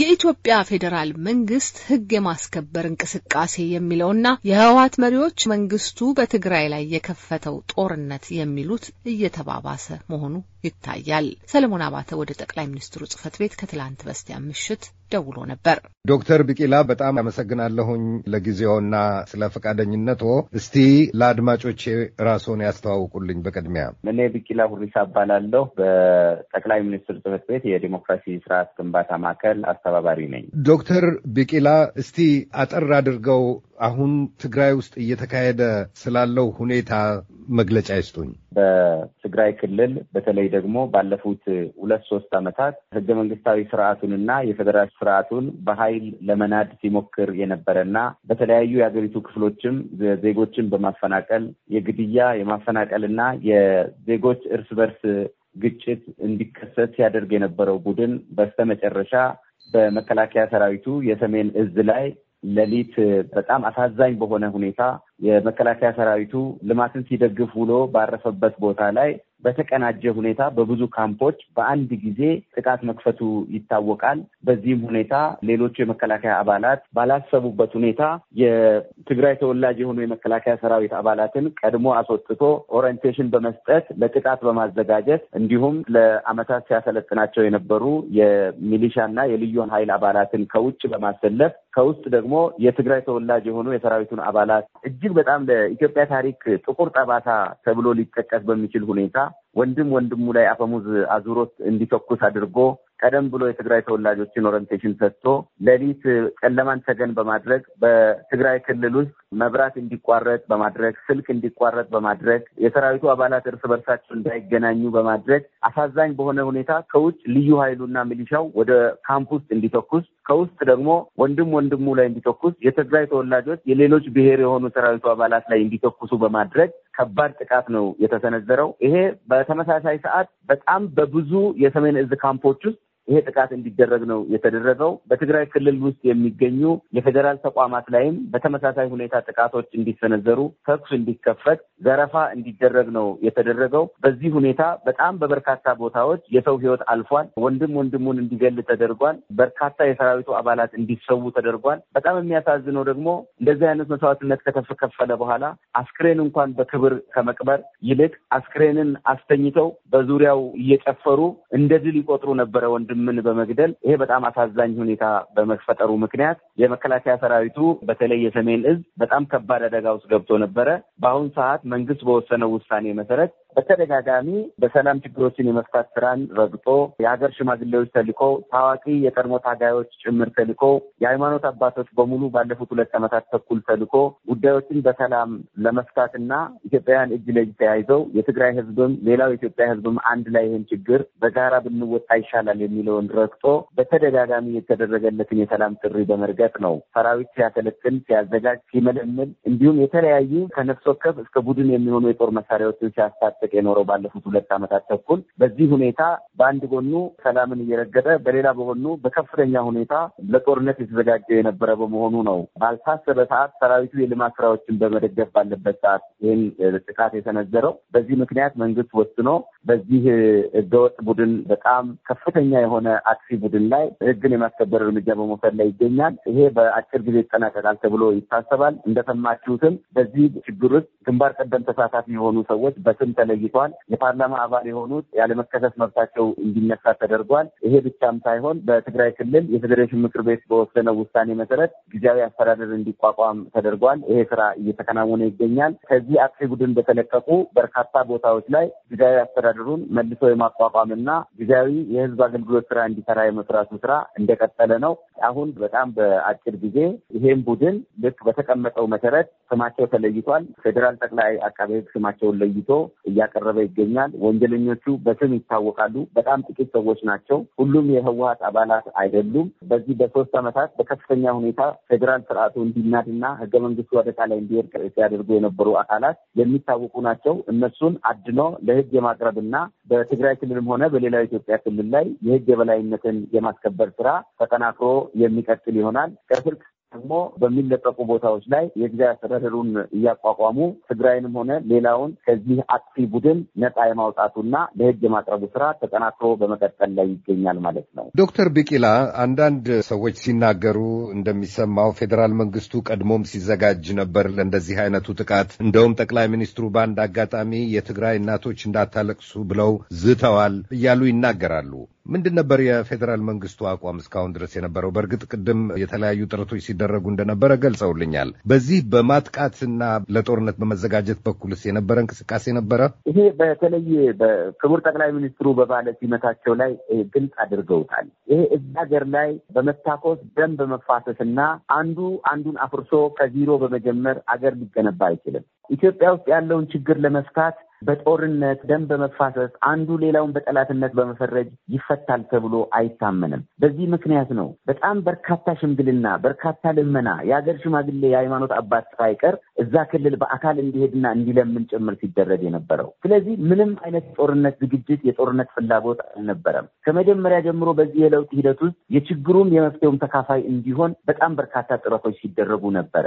የኢትዮጵያ ፌዴራል መንግስት ህግ የማስከበር እንቅስቃሴ የሚለውና የህወሀት መሪዎች መንግስቱ በትግራይ ላይ የከፈተው ጦርነት የሚሉት እየተባባሰ መሆኑ ይታያል። ሰለሞን አባተ ወደ ጠቅላይ ሚኒስትሩ ጽህፈት ቤት ከትላንት በስቲያ ምሽት ደውሎ ነበር። ዶክተር ቢቂላ በጣም አመሰግናለሁኝ ለጊዜውና ስለ ፈቃደኝነቶ። እስቲ ለአድማጮቼ ራስዎን ያስተዋውቁልኝ በቅድሚያ። እኔ ቢቂላ ሁሪሳ እባላለሁ። በጠቅላይ ሚኒስትር ጽህፈት ቤት የዲሞክራሲ ስርዓት ግንባታ ማዕከል አስተባባሪ ነኝ። ዶክተር ቢቂላ እስቲ አጠር አድርገው አሁን ትግራይ ውስጥ እየተካሄደ ስላለው ሁኔታ መግለጫ ይስጡኝ። በትግራይ ክልል በተለይ ደግሞ ባለፉት ሁለት ሶስት ዓመታት ህገ መንግስታዊ ስርዓቱንና የፌዴራል ስርዓቱን በኃይል ለመናድ ሲሞክር የነበረና በተለያዩ የሀገሪቱ ክፍሎችም ዜጎችን በማፈናቀል የግድያ የማፈናቀልና የዜጎች እርስ በርስ ግጭት እንዲከሰት ሲያደርግ የነበረው ቡድን በስተመጨረሻ በመከላከያ ሰራዊቱ የሰሜን እዝ ላይ ሌሊት በጣም አሳዛኝ በሆነ ሁኔታ የመከላከያ ሰራዊቱ ልማትን ሲደግፍ ውሎ ባረፈበት ቦታ ላይ በተቀናጀ ሁኔታ በብዙ ካምፖች በአንድ ጊዜ ጥቃት መክፈቱ ይታወቃል። በዚህም ሁኔታ ሌሎቹ የመከላከያ አባላት ባላሰቡበት ሁኔታ የትግራይ ተወላጅ የሆኑ የመከላከያ ሰራዊት አባላትን ቀድሞ አስወጥቶ ኦሪንቴሽን በመስጠት ለጥቃት በማዘጋጀት እንዲሁም ለአመታት ሲያሰለጥናቸው የነበሩ የሚሊሻና የልዩ ኃይል አባላትን ከውጭ በማሰለፍ ከውስጥ ደግሞ የትግራይ ተወላጅ የሆኑ የሰራዊቱን አባላት እጅግ በጣም ለኢትዮጵያ ታሪክ ጥቁር ጠባሳ ተብሎ ሊጠቀስ በሚችል ሁኔታ ወንድም ወንድሙ ላይ አፈሙዝ አዙሮት እንዲተኩስ አድርጎ ቀደም ብሎ የትግራይ ተወላጆችን ኦሪንቴሽን ሰጥቶ ሌሊት ጨለማን ተገን በማድረግ በትግራይ ክልል ውስጥ መብራት እንዲቋረጥ በማድረግ ስልክ እንዲቋረጥ በማድረግ የሰራዊቱ አባላት እርስ በርሳቸው እንዳይገናኙ በማድረግ አሳዛኝ በሆነ ሁኔታ ከውጭ ልዩ ኃይሉና ሚሊሻው ወደ ካምፕ ውስጥ እንዲተኩስ ከውስጥ ደግሞ ወንድም ወንድሙ ላይ እንዲተኩስ የትግራይ ተወላጆች የሌሎች ብሔር የሆኑ ሰራዊቱ አባላት ላይ እንዲተኩሱ በማድረግ ከባድ ጥቃት ነው የተሰነዘረው። ይሄ በተመሳሳይ ሰዓት በጣም በብዙ የሰሜን እዝ ካምፖች ውስጥ ይሄ ጥቃት እንዲደረግ ነው የተደረገው። በትግራይ ክልል ውስጥ የሚገኙ የፌዴራል ተቋማት ላይም በተመሳሳይ ሁኔታ ጥቃቶች እንዲሰነዘሩ፣ ተኩስ እንዲከፈት፣ ዘረፋ እንዲደረግ ነው የተደረገው። በዚህ ሁኔታ በጣም በበርካታ ቦታዎች የሰው ሕይወት አልፏል። ወንድም ወንድሙን እንዲገል ተደርጓል። በርካታ የሰራዊቱ አባላት እንዲሰዉ ተደርጓል። በጣም የሚያሳዝነው ደግሞ እንደዚህ አይነት መስዋዕትነት ከተከፈለ በኋላ አስክሬን እንኳን በክብር ከመቅበር ይልቅ አስክሬንን አስተኝተው በዙሪያው እየጨፈሩ እንደ ድል ይቆጥሩ ነበረ ወንድም ወንድምን በመግደል ይሄ በጣም አሳዛኝ ሁኔታ በመፈጠሩ ምክንያት የመከላከያ ሰራዊቱ በተለይ የሰሜን እዝ በጣም ከባድ አደጋ ውስጥ ገብቶ ነበረ። በአሁኑ ሰዓት መንግስት በወሰነው ውሳኔ መሰረት በተደጋጋሚ በሰላም ችግሮችን የመፍታት ስራን ረግጦ የሀገር ሽማግሌዎች ተልኮ ታዋቂ የቀድሞ ታጋዮች ጭምር ተልኮ የሃይማኖት አባቶች በሙሉ ባለፉት ሁለት ዓመታት ተኩል ተልኮ ጉዳዮችን በሰላም ለመፍታትና ኢትዮጵያውያን እጅ ለእጅ ተያይዘው የትግራይ ህዝብም ሌላው የኢትዮጵያ ህዝብም አንድ ላይ ይህን ችግር በጋራ ብንወጣ ይሻላል የሚለውን ረግጦ በተደጋጋሚ የተደረገለትን የሰላም ጥሪ በመርገጥ ነው ሰራዊት ሲያሰለጥን፣ ሲያዘጋጅ፣ ሲመለምል እንዲሁም የተለያዩ ከነፍስ ወከፍ እስከ ቡድን የሚሆኑ የጦር መሳሪያዎችን ሲያስታ ሲያሰቅ የኖረው ባለፉት ሁለት ዓመታት ተኩል በዚህ ሁኔታ በአንድ ጎኑ ሰላምን እየረገጠ በሌላ በሆኑ በከፍተኛ ሁኔታ ለጦርነት የተዘጋጀ የነበረ በመሆኑ ነው። ባልታሰበ ሰዓት ሰራዊቱ የልማት ስራዎችን በመደገፍ ባለበት ሰዓት ይህን ጥቃት የተነዘረው። በዚህ ምክንያት መንግስት ወስኖ በዚህ ህገወጥ ቡድን በጣም ከፍተኛ የሆነ አክሲ ቡድን ላይ ህግን የማስከበር እርምጃ በመውሰድ ላይ ይገኛል። ይሄ በአጭር ጊዜ ይጠናቀቃል ተብሎ ይታሰባል። እንደሰማችሁትም በዚህ ችግር ውስጥ ግንባር ቀደም ተሳታፊ የሆኑ ሰዎች በስም ተለይቷል። የፓርላማ አባል የሆኑት ያለመከሰስ መብታቸው እንዲነሳ ተደርጓል። ይሄ ብቻም ሳይሆን በትግራይ ክልል የፌዴሬሽን ምክር ቤት በወሰነው ውሳኔ መሰረት ጊዜያዊ አስተዳደር እንዲቋቋም ተደርጓል። ይሄ ስራ እየተከናወነ ይገኛል። ከዚህ አጥፊ ቡድን በተለቀቁ በርካታ ቦታዎች ላይ ጊዜያዊ አስተዳደሩን መልሶ የማቋቋምና ጊዜያዊ የህዝብ አገልግሎት ስራ እንዲሰራ የመስራቱ ስራ እንደቀጠለ ነው። አሁን በጣም በአጭር ጊዜ ይሄም ቡድን ልክ በተቀመጠው መሰረት ስማቸው ተለይቷል። ፌዴራል ጠቅላይ አቃቤ ህግ ስማቸውን ለይቶ እያቀረበ ይገኛል። ወንጀለኞቹ በስም ይታወቃሉ። በጣም ጥቂት ሰዎች ናቸው። ሁሉም የህወሀት አባላት አይደሉም። በዚህ በሶስት ዓመታት በከፍተኛ ሁኔታ ፌዴራል ስርዓቱ እንዲናድና ህገ መንግስቱ አደጋ ላይ እንዲወድቅ ሲያደርጉ የነበሩ አካላት የሚታወቁ ናቸው። እነሱን አድኖ ለህግ የማቅረብና በትግራይ ክልልም ሆነ በሌላው ኢትዮጵያ ክልል ላይ የህግ የበላይነትን የማስከበር ስራ ተጠናክሮ የሚቀጥል ይሆናል። ከስልክ ደግሞ በሚለቀቁ ቦታዎች ላይ የጊዜያዊ አስተዳደሩን እያቋቋሙ ትግራይንም ሆነ ሌላውን ከዚህ አጥፊ ቡድን ነጻ የማውጣቱና ለሕግ የማቅረቡ ስራ ተጠናክሮ በመቀጠል ላይ ይገኛል ማለት ነው። ዶክተር ቢቂላ አንዳንድ ሰዎች ሲናገሩ እንደሚሰማው ፌዴራል መንግስቱ ቀድሞም ሲዘጋጅ ነበር ለእንደዚህ አይነቱ ጥቃት። እንደውም ጠቅላይ ሚኒስትሩ በአንድ አጋጣሚ የትግራይ እናቶች እንዳታለቅሱ ብለው ዝተዋል እያሉ ይናገራሉ። ምንድን ነበር የፌዴራል መንግስቱ አቋም እስካሁን ድረስ የነበረው? በእርግጥ ቅድም የተለያዩ ጥረቶች ሲደረጉ እንደነበረ ገልጸውልኛል። በዚህ በማጥቃትና ለጦርነት በመዘጋጀት በኩልስ የነበረ እንቅስቃሴ ነበረ? ይሄ በተለይ በክቡር ጠቅላይ ሚኒስትሩ በባለ ሲመታቸው ላይ ግልጽ አድርገውታል። ይሄ እዛ ሀገር ላይ በመታኮስ ደም በመፋሰስ አንዱ አንዱን አፍርሶ ከዜሮ በመጀመር አገር ሊገነባ አይችልም። ኢትዮጵያ ውስጥ ያለውን ችግር ለመፍታት በጦርነት ደም በመፋሰስ አንዱ ሌላውን በጠላትነት በመፈረጅ ይፈታል ተብሎ አይታመንም። በዚህ ምክንያት ነው በጣም በርካታ ሽምግልና፣ በርካታ ልመና የሀገር ሽማግሌ የሃይማኖት አባት ሳይቀር እዛ ክልል በአካል እንዲሄድና እንዲለምን ጭምር ሲደረግ የነበረው። ስለዚህ ምንም አይነት ጦርነት ዝግጅት፣ የጦርነት ፍላጎት አልነበረም። ከመጀመሪያ ጀምሮ በዚህ የለውጥ ሂደት ውስጥ የችግሩም የመፍትሄውም ተካፋይ እንዲሆን በጣም በርካታ ጥረቶች ሲደረጉ ነበረ።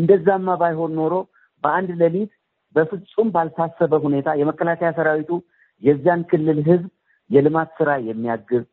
እንደዛማ ባይሆን ኖሮ በአንድ ሌሊት በፍጹም ባልታሰበ ሁኔታ የመከላከያ ሰራዊቱ የዚያን ክልል ህዝብ የልማት ስራ የሚያግዝ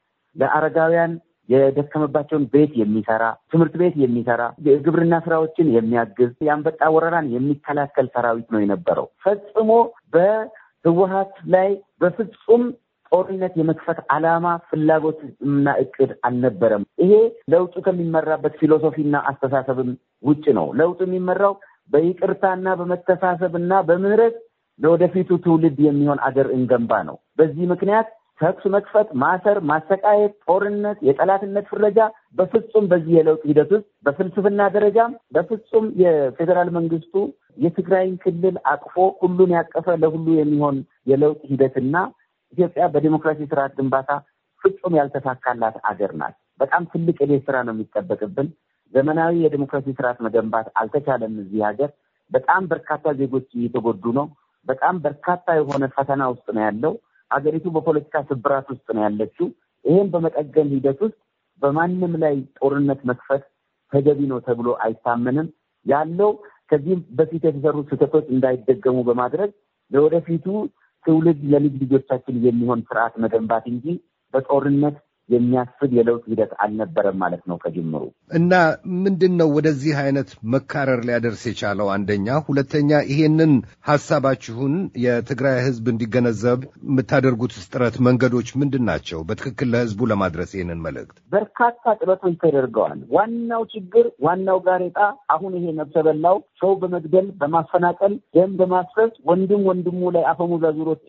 ለአረጋውያን የደከመባቸውን ቤት የሚሰራ ትምህርት ቤት የሚሰራ የግብርና ስራዎችን የሚያግዝ የአንበጣ ወረራን የሚከላከል ሰራዊት ነው የነበረው። ፈጽሞ በህወሀት ላይ በፍጹም ጦርነት የመክፈት አላማ ፍላጎት እና እቅድ አልነበረም። ይሄ ለውጡ ከሚመራበት ፊሎሶፊና አስተሳሰብም ውጭ ነው። ለውጡ የሚመራው በይቅርታና በመተሳሰብና በምህረት ለወደፊቱ ትውልድ የሚሆን አገር እንገንባ ነው። በዚህ ምክንያት ተኩስ መክፈት፣ ማሰር፣ ማሰቃየት፣ ጦርነት፣ የጠላትነት ፍረጃ በፍጹም በዚህ የለውጥ ሂደት ውስጥ በፍልስፍና ደረጃም በፍጹም የፌዴራል መንግስቱ የትግራይን ክልል አቅፎ ሁሉን ያቀፈ ለሁሉ የሚሆን የለውጥ ሂደትና ኢትዮጵያ በዲሞክራሲ ስርዓት ግንባታ ፍጹም ያልተሳካላት አገር ናት። በጣም ትልቅ የቤት ስራ ነው የሚጠበቅብን። ዘመናዊ የዲሞክራሲ ስርዓት መገንባት አልተቻለም። እዚህ ሀገር በጣም በርካታ ዜጎች እየተጎዱ ነው። በጣም በርካታ የሆነ ፈተና ውስጥ ነው ያለው። ሀገሪቱ በፖለቲካ ስብራት ውስጥ ነው ያለችው። ይህም በመጠገን ሂደት ውስጥ በማንም ላይ ጦርነት መክፈት ተገቢ ነው ተብሎ አይታመንም ያለው ከዚህም በፊት የተሰሩ ስህተቶች እንዳይደገሙ በማድረግ ለወደፊቱ ትውልድ ለልጅ ልጆቻችን የሚሆን ስርዓት መገንባት እንጂ በጦርነት የሚያስብ የለውጥ ሂደት አልነበረም ማለት ነው ከጅምሩ። እና ምንድን ነው ወደዚህ አይነት መካረር ሊያደርስ የቻለው? አንደኛ። ሁለተኛ ይሄንን ሀሳባችሁን የትግራይ ህዝብ እንዲገነዘብ የምታደርጉት ጥረት መንገዶች ምንድን ናቸው? በትክክል ለህዝቡ ለማድረስ ይሄንን መልእክት በርካታ ጥረቶች ተደርገዋል። ዋናው ችግር ዋናው ጋሬጣ አሁን ይሄ ነብሰ በላው ሰው በመግደል በማፈናቀል ደም በማስፈስ ወንድም ወንድሙ ላይ አፈሙዛ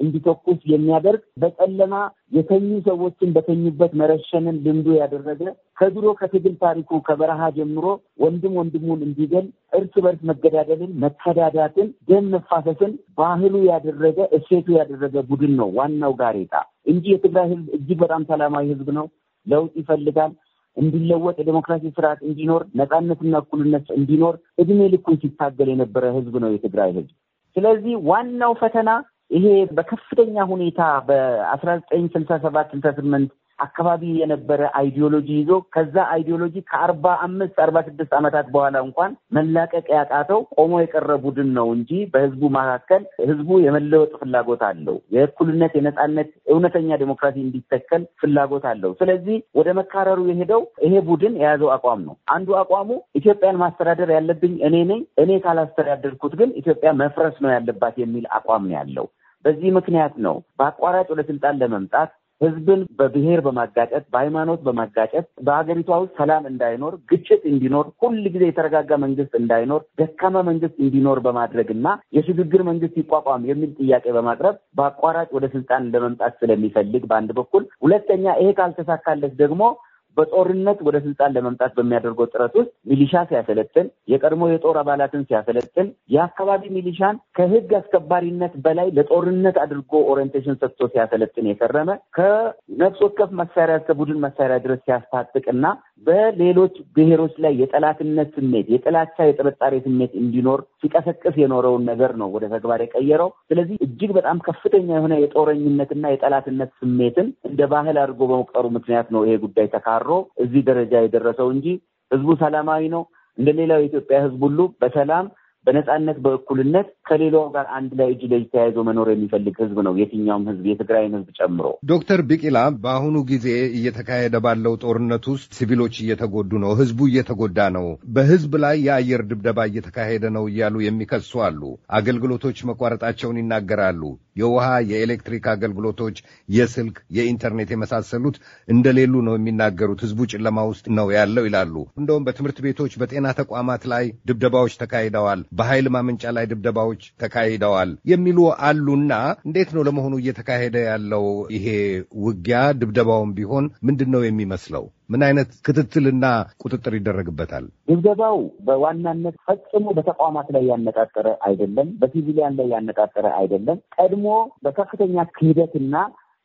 እንዲተኩስ የሚያደርግ በጨለማ የተኙ ሰዎችን በተኙበት መረሸንን ልምዱ ያደረገ ከድሮ ከትግል ታሪኩ ከበረሃ ጀምሮ ወንድም ወንድሙን እንዲገል እርስ በርስ መገዳደልን፣ መከዳዳትን፣ ደም መፋሰስን ባህሉ ያደረገ እሴቱ ያደረገ ቡድን ነው ዋናው ጋሬጣ እንጂ የትግራይ ህዝብ እጅግ በጣም ሰላማዊ ህዝብ ነው። ለውጥ ይፈልጋል እንዲለወጥ የዴሞክራሲ ስርዓት እንዲኖር ነፃነትና እኩልነት እንዲኖር እድሜ ልኩን ሲታገል የነበረ ህዝብ ነው የትግራይ ህዝብ ስለዚህ ዋናው ፈተና ይሄ በከፍተኛ ሁኔታ በአስራ ዘጠኝ ስልሳ ሰባት ስልሳ ስምንት አካባቢ የነበረ አይዲዮሎጂ ይዞ ከዛ አይዲዮሎጂ ከአርባ አምስት አርባ ስድስት ዓመታት በኋላ እንኳን መላቀቅ ያቃተው ቆሞ የቀረ ቡድን ነው እንጂ በህዝቡ መካከል ህዝቡ የመለወጥ ፍላጎት አለው። የእኩልነት፣ የነፃነት እውነተኛ ዴሞክራሲ እንዲተከል ፍላጎት አለው። ስለዚህ ወደ መካረሩ የሄደው ይሄ ቡድን የያዘው አቋም ነው። አንዱ አቋሙ ኢትዮጵያን ማስተዳደር ያለብኝ እኔ ነኝ፣ እኔ ካላስተዳደርኩት ግን ኢትዮጵያ መፍረስ ነው ያለባት የሚል አቋም ነው ያለው። በዚህ ምክንያት ነው በአቋራጭ ወደ ስልጣን ለመምጣት ህዝብን በብሔር በማጋጨት በሃይማኖት በማጋጨት በሀገሪቷ ውስጥ ሰላም እንዳይኖር ግጭት እንዲኖር ሁል ጊዜ የተረጋጋ መንግስት እንዳይኖር ደካማ መንግስት እንዲኖር በማድረግ እና የሽግግር መንግስት ይቋቋም የሚል ጥያቄ በማቅረብ በአቋራጭ ወደ ስልጣን ለመምጣት ስለሚፈልግ በአንድ በኩል ሁለተኛ ይሄ ካልተሳካለት ደግሞ በጦርነት ወደ ስልጣን ለመምጣት በሚያደርገው ጥረት ውስጥ ሚሊሻ ሲያሰለጥን፣ የቀድሞ የጦር አባላትን ሲያሰለጥን፣ የአካባቢ ሚሊሻን ከህግ አስከባሪነት በላይ ለጦርነት አድርጎ ኦሪንቴሽን ሰጥቶ ሲያሰለጥን የከረመ ከነፍስ ወከፍ መሳሪያ እስከ ቡድን መሳሪያ ድረስ ሲያስታጥቅና በሌሎች ብሔሮች ላይ የጠላትነት ስሜት፣ የጥላቻ የጥርጣሬ ስሜት እንዲኖር ሲቀሰቅስ የኖረውን ነገር ነው ወደ ተግባር የቀየረው። ስለዚህ እጅግ በጣም ከፍተኛ የሆነ የጦረኝነትና የጠላትነት ስሜትን እንደ ባህል አድርጎ በመቁጠሩ ምክንያት ነው ይሄ ጉዳይ ተካሮ እዚህ ደረጃ የደረሰው እንጂ ህዝቡ ሰላማዊ ነው። እንደ ሌላው የኢትዮጵያ ህዝብ ሁሉ በሰላም በነፃነት በእኩልነት ከሌላው ጋር አንድ ላይ እጅ ለእጅ ተያይዞ መኖር የሚፈልግ ህዝብ ነው የትኛውም ህዝብ የትግራይን ህዝብ ጨምሮ። ዶክተር ቢቂላ በአሁኑ ጊዜ እየተካሄደ ባለው ጦርነት ውስጥ ሲቪሎች እየተጎዱ ነው፣ ህዝቡ እየተጎዳ ነው፣ በህዝብ ላይ የአየር ድብደባ እየተካሄደ ነው እያሉ የሚከሱ አሉ። አገልግሎቶች መቋረጣቸውን ይናገራሉ። የውሃ፣ የኤሌክትሪክ አገልግሎቶች፣ የስልክ፣ የኢንተርኔት የመሳሰሉት እንደሌሉ ነው የሚናገሩት። ህዝቡ ጨለማ ውስጥ ነው ያለው ይላሉ። እንደውም በትምህርት ቤቶች፣ በጤና ተቋማት ላይ ድብደባዎች ተካሂደዋል፣ በኃይል ማመንጫ ላይ ድብደባዎች ተካሂደዋል የሚሉ አሉና እንዴት ነው ለመሆኑ እየተካሄደ ያለው ይሄ ውጊያ? ድብደባውም ቢሆን ምንድን ነው የሚመስለው? ምን አይነት ክትትልና ቁጥጥር ይደረግበታል? ድብደባው በዋናነት ፈጽሞ በተቋማት ላይ ያነጣጠረ አይደለም፣ በሲቪሊያን ላይ ያነጣጠረ አይደለም። ቀድሞ በከፍተኛ ክህደትና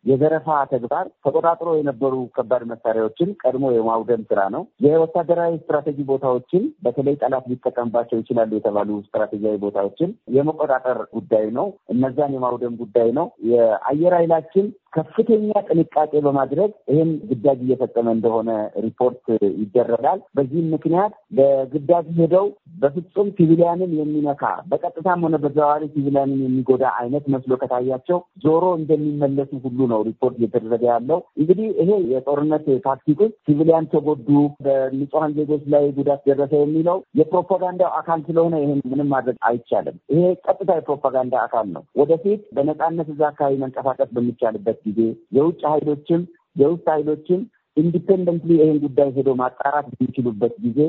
የዘረፋ ተግባር ተቆጣጥሮ የነበሩ ከባድ መሳሪያዎችን ቀድሞ የማውደም ስራ ነው። የወታደራዊ ስትራቴጂ ቦታዎችን በተለይ ጠላት ሊጠቀምባቸው ይችላሉ የተባሉ ስትራቴጂያዊ ቦታዎችን የመቆጣጠር ጉዳይ ነው። እነዛን የማውደም ጉዳይ ነው። የአየር ኃይላችን ከፍተኛ ጥንቃቄ በማድረግ ይህን ግዳጅ እየፈጸመ እንደሆነ ሪፖርት ይደረጋል። በዚህም ምክንያት በግዳጅ ሄደው በፍጹም ሲቪሊያንን የሚነካ በቀጥታም ሆነ በዘዋዋሪ ሲቪሊያንን የሚጎዳ አይነት መስሎ ከታያቸው ዞሮ እንደሚመለሱ ሁሉ ነው ሪፖርት እየተደረገ ያለው። እንግዲህ ይሄ የጦርነት ታክቲክ ሲቪሊያን ተጎዱ፣ በንጹሐን ዜጎች ላይ ጉዳት ደረሰ የሚለው የፕሮፓጋንዳው አካል ስለሆነ ይህን ምንም ማድረግ አይቻልም። ይሄ ቀጥታ የፕሮፓጋንዳ አካል ነው። ወደፊት በነፃነት እዛ አካባቢ መንቀሳቀስ በሚቻልበት ጊዜ የውጭ ኃይሎችም የውስጥ ኃይሎችም ኢንዲፔንደንትሊ ይህን ጉዳይ ሄዶ ማጣራት የሚችሉበት ጊዜ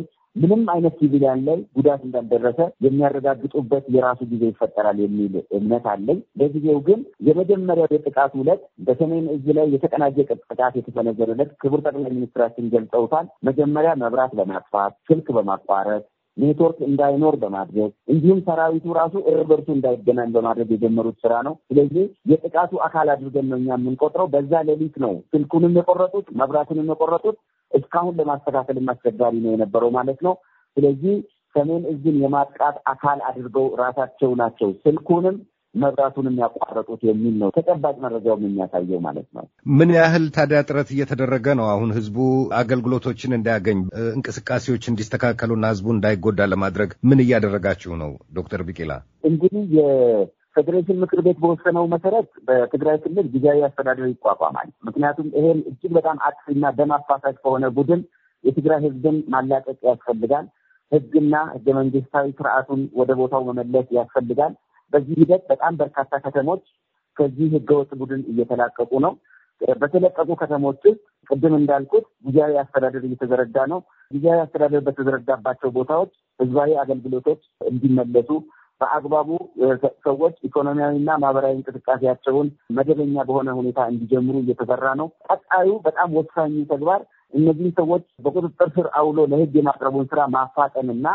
ምንም አይነት ሲቪሊያን ላይ ጉዳት እንዳልደረሰ የሚያረጋግጡበት የራሱ ጊዜ ይፈጠራል የሚል እምነት አለኝ። ለጊዜው ግን የመጀመሪያው የጥቃቱ ዕለት በሰሜን እዝ ላይ የተቀናጀ ጥቃት የተሰነዘረ ዕለት ክቡር ጠቅላይ ሚኒስትራችን ገልጸውታል። መጀመሪያ መብራት በማጥፋት ስልክ በማቋረጥ ኔትወርክ እንዳይኖር በማድረግ እንዲሁም ሰራዊቱ ራሱ እርስ በርሱ እንዳይገናኝ በማድረግ የጀመሩት ስራ ነው። ስለዚህ የጥቃቱ አካል አድርገን ነው እኛ የምንቆጥረው። በዛ ሌሊት ነው ስልኩንም የቆረጡት፣ መብራትንም የቆረጡት። እስካሁን ለማስተካከል አስቸጋሪ ነው የነበረው ማለት ነው። ስለዚህ ሰሜን እዝን የማጥቃት አካል አድርገው ራሳቸው ናቸው ስልኩንም መብራቱን የሚያቋረጡት የሚል ነው ተጨባጭ መረጃውም የሚያሳየው ማለት ነው። ምን ያህል ታዲያ ጥረት እየተደረገ ነው? አሁን ህዝቡ አገልግሎቶችን እንዳያገኝ እንቅስቃሴዎች እንዲስተካከሉና ህዝቡ እንዳይጎዳ ለማድረግ ምን እያደረጋችሁ ነው? ዶክተር ቢቂላ እንግዲህ የፌዴሬሽን ምክር ቤት በወሰነው መሰረት በትግራይ ክልል ጊዜያዊ አስተዳደር ይቋቋማል። ምክንያቱም ይሄን እጅግ በጣም አጥፊና ደም አፋሳሽ ከሆነ ቡድን የትግራይ ህዝብን ማላቀቅ ያስፈልጋል። ህግና ህገ መንግስታዊ ስርዓቱን ወደ ቦታው መመለስ ያስፈልጋል። በዚህ ሂደት በጣም በርካታ ከተሞች ከዚህ ህገወጥ ቡድን እየተላቀቁ ነው። በተለቀቁ ከተሞች ውስጥ ቅድም እንዳልኩት ጊዜያዊ አስተዳደር እየተዘረጋ ነው። ጊዜያዊ አስተዳደር በተዘረጋባቸው ቦታዎች ህዝባዊ አገልግሎቶች እንዲመለሱ በአግባቡ ሰዎች ኢኮኖሚያዊና ማህበራዊ እንቅስቃሴያቸውን መደበኛ በሆነ ሁኔታ እንዲጀምሩ እየተሰራ ነው። ቀጣዩ በጣም ወሳኙ ተግባር እነዚህን ሰዎች በቁጥጥር ስር አውሎ ለህግ የማቅረቡን ስራ ማፋጠንና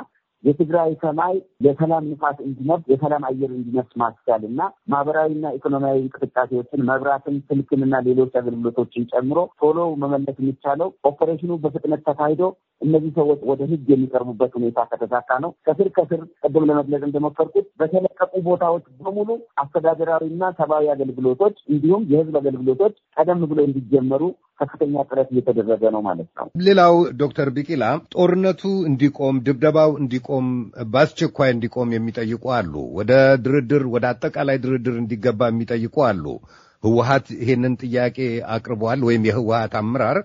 የትግራይ ሰማይ የሰላም ንፋስ እንዲነፍስ የሰላም አየር እንዲነፍስ ማስቻል እና ማህበራዊና ኢኮኖሚያዊ እንቅስቃሴዎችን መብራትን፣ ስልክንና ሌሎች አገልግሎቶችን ጨምሮ ቶሎ መመለስ የሚቻለው ኦፐሬሽኑ በፍጥነት ተካሂዶ እነዚህ ሰዎች ወደ ሕግ የሚቀርቡበት ሁኔታ ከተሳካ ነው። ከስር ከስር ቅድም ለመግለጽ እንደሞከርኩት በተለቀቁ ቦታዎች በሙሉ አስተዳደራዊና ሰብአዊ አገልግሎቶች እንዲሁም የሕዝብ አገልግሎቶች ቀደም ብሎ እንዲጀመሩ ከፍተኛ ጥረት እየተደረገ ነው ማለት ነው። ሌላው ዶክተር ቢቂላ ጦርነቱ እንዲቆም ድብደባው እንዲቆም እንዲቆም በአስቸኳይ እንዲቆም የሚጠይቁ አሉ። ወደ ድርድር ወደ አጠቃላይ ድርድር እንዲገባ የሚጠይቁ አሉ። ህወሀት ይሄንን ጥያቄ አቅርቧል፣ ወይም የህወሀት አመራር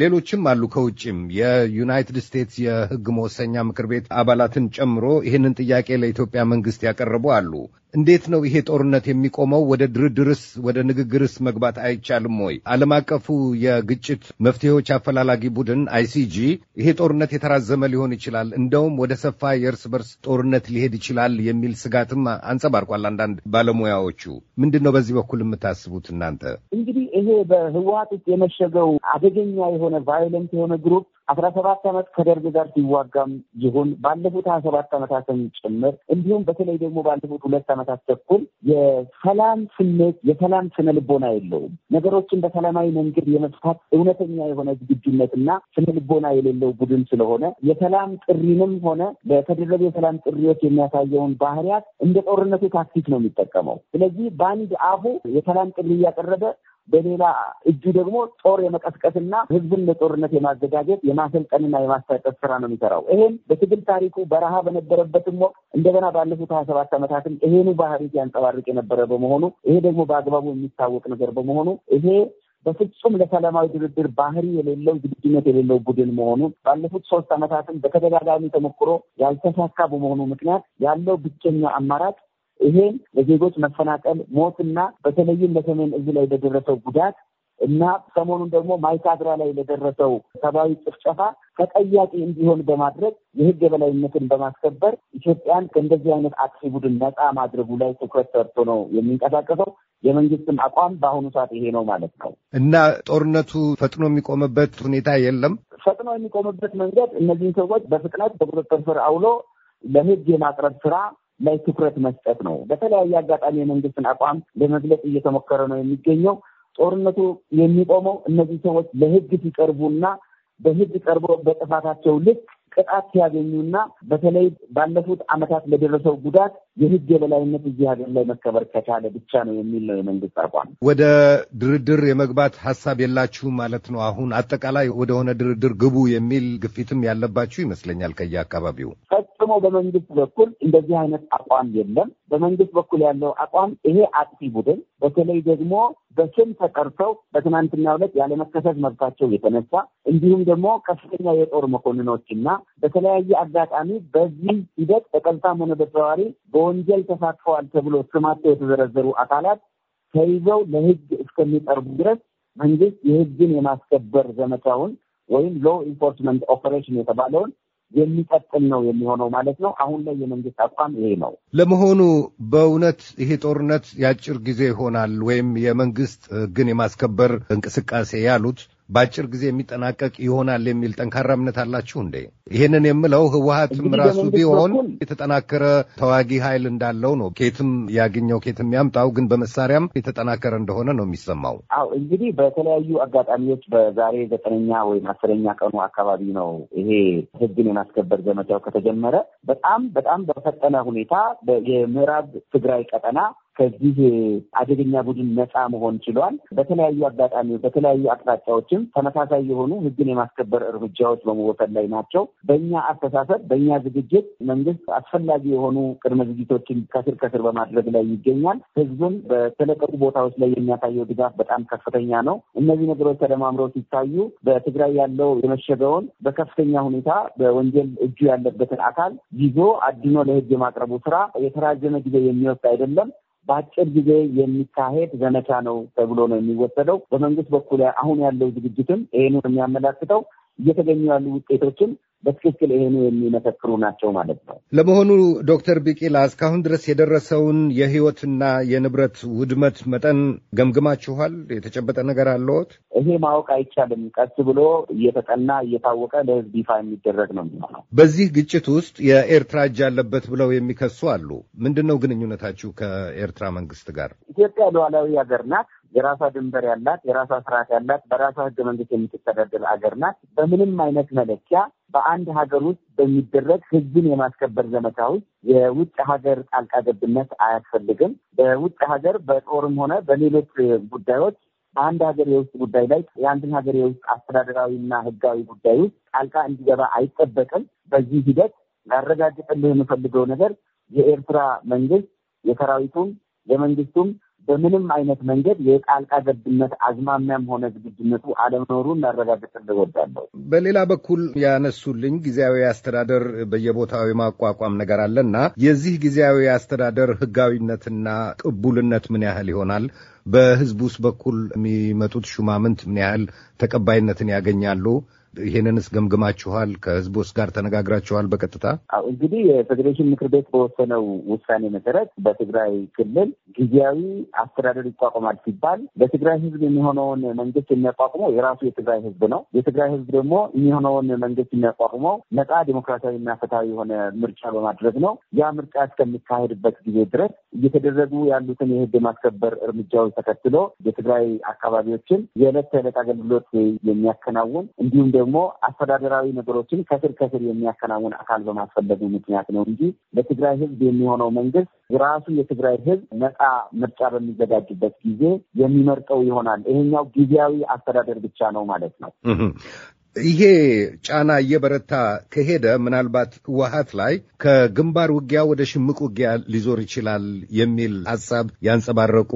ሌሎችም አሉ ከውጭም የዩናይትድ ስቴትስ የሕግ መወሰኛ ምክር ቤት አባላትን ጨምሮ ይህንን ጥያቄ ለኢትዮጵያ መንግስት ያቀረቡ አሉ። እንዴት ነው ይሄ ጦርነት የሚቆመው? ወደ ድርድርስ ወደ ንግግርስ መግባት አይቻልም ወይ? ዓለም አቀፉ የግጭት መፍትሄዎች አፈላላጊ ቡድን አይሲጂ ይሄ ጦርነት የተራዘመ ሊሆን ይችላል፣ እንደውም ወደ ሰፋ የእርስ በርስ ጦርነት ሊሄድ ይችላል የሚል ስጋትም አንጸባርቋል። አንዳንድ ባለሙያዎቹ ምንድን ነው በዚህ በኩል የምታስቡት እናንተ? እንግዲህ ይሄ በህወሀት ውስጥ የመሸገው አደገኛ የሆነ ቫዮለንት የሆነ ግሩፕ አስራ ሰባት ዓመት ከደርግ ጋር ሲዋጋም ይሁን ባለፉት ሀያ ሰባት ዓመታትም ጭምር እንዲሁም በተለይ ደግሞ ባለፉት ሁለት ዓመታት ተኩል የሰላም ስሜት የሰላም ስነ ልቦና የለውም። ነገሮችን በሰላማዊ መንገድ የመፍታት እውነተኛ የሆነ እና ስነ ልቦና የሌለው ቡድን ስለሆነ የሰላም ጥሪንም ሆነ በተደረጉ የሰላም ጥሪዎች የሚያሳየውን ባህሪያት እንደ ጦርነቱ ታክቲክ ነው የሚጠቀመው። ስለዚህ በአንድ አፉ የሰላም ጥሪ እያቀረበ በሌላ እጁ ደግሞ ጦር የመቀስቀስና ህዝብን ለጦርነት የማዘጋጀት የማሰልጠንና የማስታጠቅ ስራ ነው የሚሰራው። ይሄን በትግል ታሪኩ በረሃ በነበረበትም ወቅት እንደገና ባለፉት ሀያ ሰባት ዓመታትም ይሄኑ ባህሪ ሲያንጸባርቅ የነበረ በመሆኑ ይሄ ደግሞ በአግባቡ የሚታወቅ ነገር በመሆኑ ይሄ በፍጹም ለሰላማዊ ድርድር ባህሪ የሌለው ዝግጁነት የሌለው ቡድን መሆኑን ባለፉት ሶስት ዓመታትም በተደጋጋሚ ተሞክሮ ያልተሳካ በመሆኑ ምክንያት ያለው ብቸኛ አማራጭ ይሄ ለዜጎች መፈናቀል፣ ሞትና በተለይም በሰሜን እዝ ላይ ለደረሰው ጉዳት እና ሰሞኑን ደግሞ ማይካድራ ላይ ለደረሰው ሰብአዊ ጭፍጨፋ ተጠያቂ እንዲሆን በማድረግ የሕግ የበላይነትን በማስከበር ኢትዮጵያን ከእንደዚህ አይነት አክሲ ቡድን ነፃ ማድረጉ ላይ ትኩረት ሰርቶ ነው የሚንቀሳቀሰው። የመንግስትም አቋም በአሁኑ ሰዓት ይሄ ነው ማለት ነው እና ጦርነቱ ፈጥኖ የሚቆምበት ሁኔታ የለም። ፈጥኖ የሚቆምበት መንገድ እነዚህን ሰዎች በፍጥነት በቁጥጥር ስር አውሎ ለሕግ የማቅረብ ስራ ላይ ትኩረት መስጠት ነው። በተለያየ አጋጣሚ የመንግስትን አቋም ለመግለጽ እየተሞከረ ነው የሚገኘው። ጦርነቱ የሚቆመው እነዚህ ሰዎች ለህግ ሲቀርቡና በህግ ቀርቦ በጥፋታቸው ልክ ቅጣት ሲያገኙና በተለይ ባለፉት ዓመታት ለደረሰው ጉዳት የህግ የበላይነት እዚህ ሀገር ላይ መከበር ከቻለ ብቻ ነው የሚል ነው የመንግስት አቋም። ወደ ድርድር የመግባት ሀሳብ የላችሁ ማለት ነው? አሁን አጠቃላይ ወደሆነ ድርድር ግቡ የሚል ግፊትም ያለባችሁ ይመስለኛል ከየአካባቢው። ፈጽሞ በመንግስት በኩል እንደዚህ አይነት አቋም የለም። በመንግስት በኩል ያለው አቋም ይሄ አጥፊ ቡድን በተለይ ደግሞ በስም ተቀርተው በትናንትና ዕለት ያለመከሰስ መብታቸው የተነሳ እንዲሁም ደግሞ ከፍተኛ የጦር መኮንኖችና በተለያየ አጋጣሚ በዚህ ሂደት በቀጥታም ሆነ በተዘዋዋሪ በወንጀል ተሳትፈዋል ተብሎ ስማቸው የተዘረዘሩ አካላት ተይዘው ለህግ እስከሚቀርቡ ድረስ መንግስት የህግን የማስከበር ዘመቻውን ወይም ሎ ኢንፎርስመንት ኦፐሬሽን የተባለውን የሚቀጥል ነው የሚሆነው ማለት ነው። አሁን ላይ የመንግስት አቋም ይሄ ነው። ለመሆኑ በእውነት ይሄ ጦርነት የአጭር ጊዜ ይሆናል ወይም የመንግስት ህግን የማስከበር እንቅስቃሴ ያሉት በአጭር ጊዜ የሚጠናቀቅ ይሆናል የሚል ጠንካራ እምነት አላችሁ እንዴ? ይህንን የምለው ህወሀትም ራሱ ቢሆን የተጠናከረ ተዋጊ ኃይል እንዳለው ነው። ኬትም ያገኘው ኬትም ያምጣው፣ ግን በመሳሪያም የተጠናከረ እንደሆነ ነው የሚሰማው። አው እንግዲህ በተለያዩ አጋጣሚዎች በዛሬ ዘጠነኛ ወይም አስረኛ ቀኑ አካባቢ ነው ይሄ ህግን የማስከበር ዘመቻው ከተጀመረ በጣም በጣም በፈጠነ ሁኔታ የምዕራብ ትግራይ ቀጠና ከዚህ አደገኛ ቡድን ነፃ መሆን ችሏል። በተለያዩ አጋጣሚዎች በተለያዩ አቅጣጫዎችም ተመሳሳይ የሆኑ ህግን የማስከበር እርምጃዎች በመወሰድ ላይ ናቸው። በእኛ አስተሳሰብ፣ በእኛ ዝግጅት መንግስት አስፈላጊ የሆኑ ቅድመ ዝግጅቶችን ከስር ከስር በማድረግ ላይ ይገኛል። ህዝቡን በተለቀቁ ቦታዎች ላይ የሚያሳየው ድጋፍ በጣም ከፍተኛ ነው። እነዚህ ነገሮች ተደማምረው ሲታዩ በትግራይ ያለው የመሸገውን በከፍተኛ ሁኔታ በወንጀል እጁ ያለበትን አካል ይዞ አድኖ ለህግ የማቅረቡ ስራ የተራዘመ ጊዜ የሚወስድ አይደለም። በአጭር ጊዜ የሚካሄድ ዘመቻ ነው ተብሎ ነው የሚወሰደው። በመንግስት በኩል አሁን ያለው ዝግጅትም ይህንን የሚያመላክተው እየተገኙ ያሉ ውጤቶችን በትክክል ይሄን የሚመሰክሩ ናቸው ማለት ነው። ለመሆኑ ዶክተር ቢቂላ እስካሁን ድረስ የደረሰውን የህይወትና የንብረት ውድመት መጠን ገምግማችኋል? የተጨበጠ ነገር አለዎት? ይሄ ማወቅ አይቻልም። ቀስ ብሎ እየተጠና እየታወቀ ለህዝብ ይፋ የሚደረግ ነው የሚሆነው። በዚህ ግጭት ውስጥ የኤርትራ እጅ አለበት ብለው የሚከሱ አሉ። ምንድን ነው ግንኙነታችሁ ከኤርትራ መንግስት ጋር? ኢትዮጵያ ሉዓላዊ ሀገር ናት። የራሷ ድንበር ያላት፣ የራሷ ስርዓት ያላት፣ በራሷ ህገ መንግስት የምትተዳደር ሀገር ናት። በምንም አይነት መለኪያ በአንድ ሀገር ውስጥ በሚደረግ ህዝብን የማስከበር ዘመቻ ውስጥ የውጭ ሀገር ጣልቃ ገብነት አያስፈልግም። በውጭ ሀገር በጦርም ሆነ በሌሎች ጉዳዮች በአንድ ሀገር የውስጥ ጉዳይ ላይ የአንድን ሀገር የውስጥ አስተዳደራዊና ህጋዊ ጉዳይ ውስጥ ጣልቃ እንዲገባ አይጠበቅም። በዚህ ሂደት ላረጋግጥልህ የምፈልገው ነገር የኤርትራ መንግስት የሰራዊቱም የመንግስቱም በምንም አይነት መንገድ የጣልቃ ገብነት አዝማሚያም ሆነ ዝግጁነቱ አለመኖሩን ላረጋግጥ እንወዳለሁ። በሌላ በኩል ያነሱልኝ ጊዜያዊ አስተዳደር በየቦታው የማቋቋም ነገር አለና የዚህ ጊዜያዊ አስተዳደር ህጋዊነትና ቅቡልነት ምን ያህል ይሆናል? በህዝቡስ ውስጥ በኩል የሚመጡት ሹማምንት ምን ያህል ተቀባይነትን ያገኛሉ? ይሄንንስ ገምግማችኋል? ውስጥ ጋር ተነጋግራችኋል? በቀጥታ እንግዲህ የፌዴሬሽን ምክር ቤት በወሰነው ውሳኔ መሰረት በትግራይ ክልል ጊዜያዊ አስተዳደር ይቋቋማል ሲባል በትግራይ ህዝብ የሚሆነውን መንግስት የሚያቋቁመው የራሱ የትግራይ ህዝብ ነው። የትግራይ ህዝብ ደግሞ የሚሆነውን መንግስት የሚያቋቁመው ነጻ ዲሞክራሲያዊ እና ፍትሃዊ የሆነ ምርጫ በማድረግ ነው። ያ ምርጫ እስከሚካሄድበት ጊዜ ድረስ እየተደረጉ ያሉትን የህግ የማስከበር እርምጃዎች ተከትሎ የትግራይ አካባቢዎችን የዕለት ተዕለት አገልግሎት የሚያከናውን እንዲሁም ደግሞ አስተዳደራዊ ነገሮችን ከስር ከስር የሚያከናውን አካል በማስፈለጉ ምክንያት ነው እንጂ ለትግራይ ህዝብ የሚሆነው መንግስት ራሱ የትግራይ ህዝብ ነፃ ምርጫ በሚዘጋጅበት ጊዜ የሚመርጠው ይሆናል። ይሄኛው ጊዜያዊ አስተዳደር ብቻ ነው ማለት ነው። ይሄ ጫና እየበረታ ከሄደ ምናልባት ህወሀት ላይ ከግንባር ውጊያ ወደ ሽምቅ ውጊያ ሊዞር ይችላል የሚል ሀሳብ ያንጸባረቁ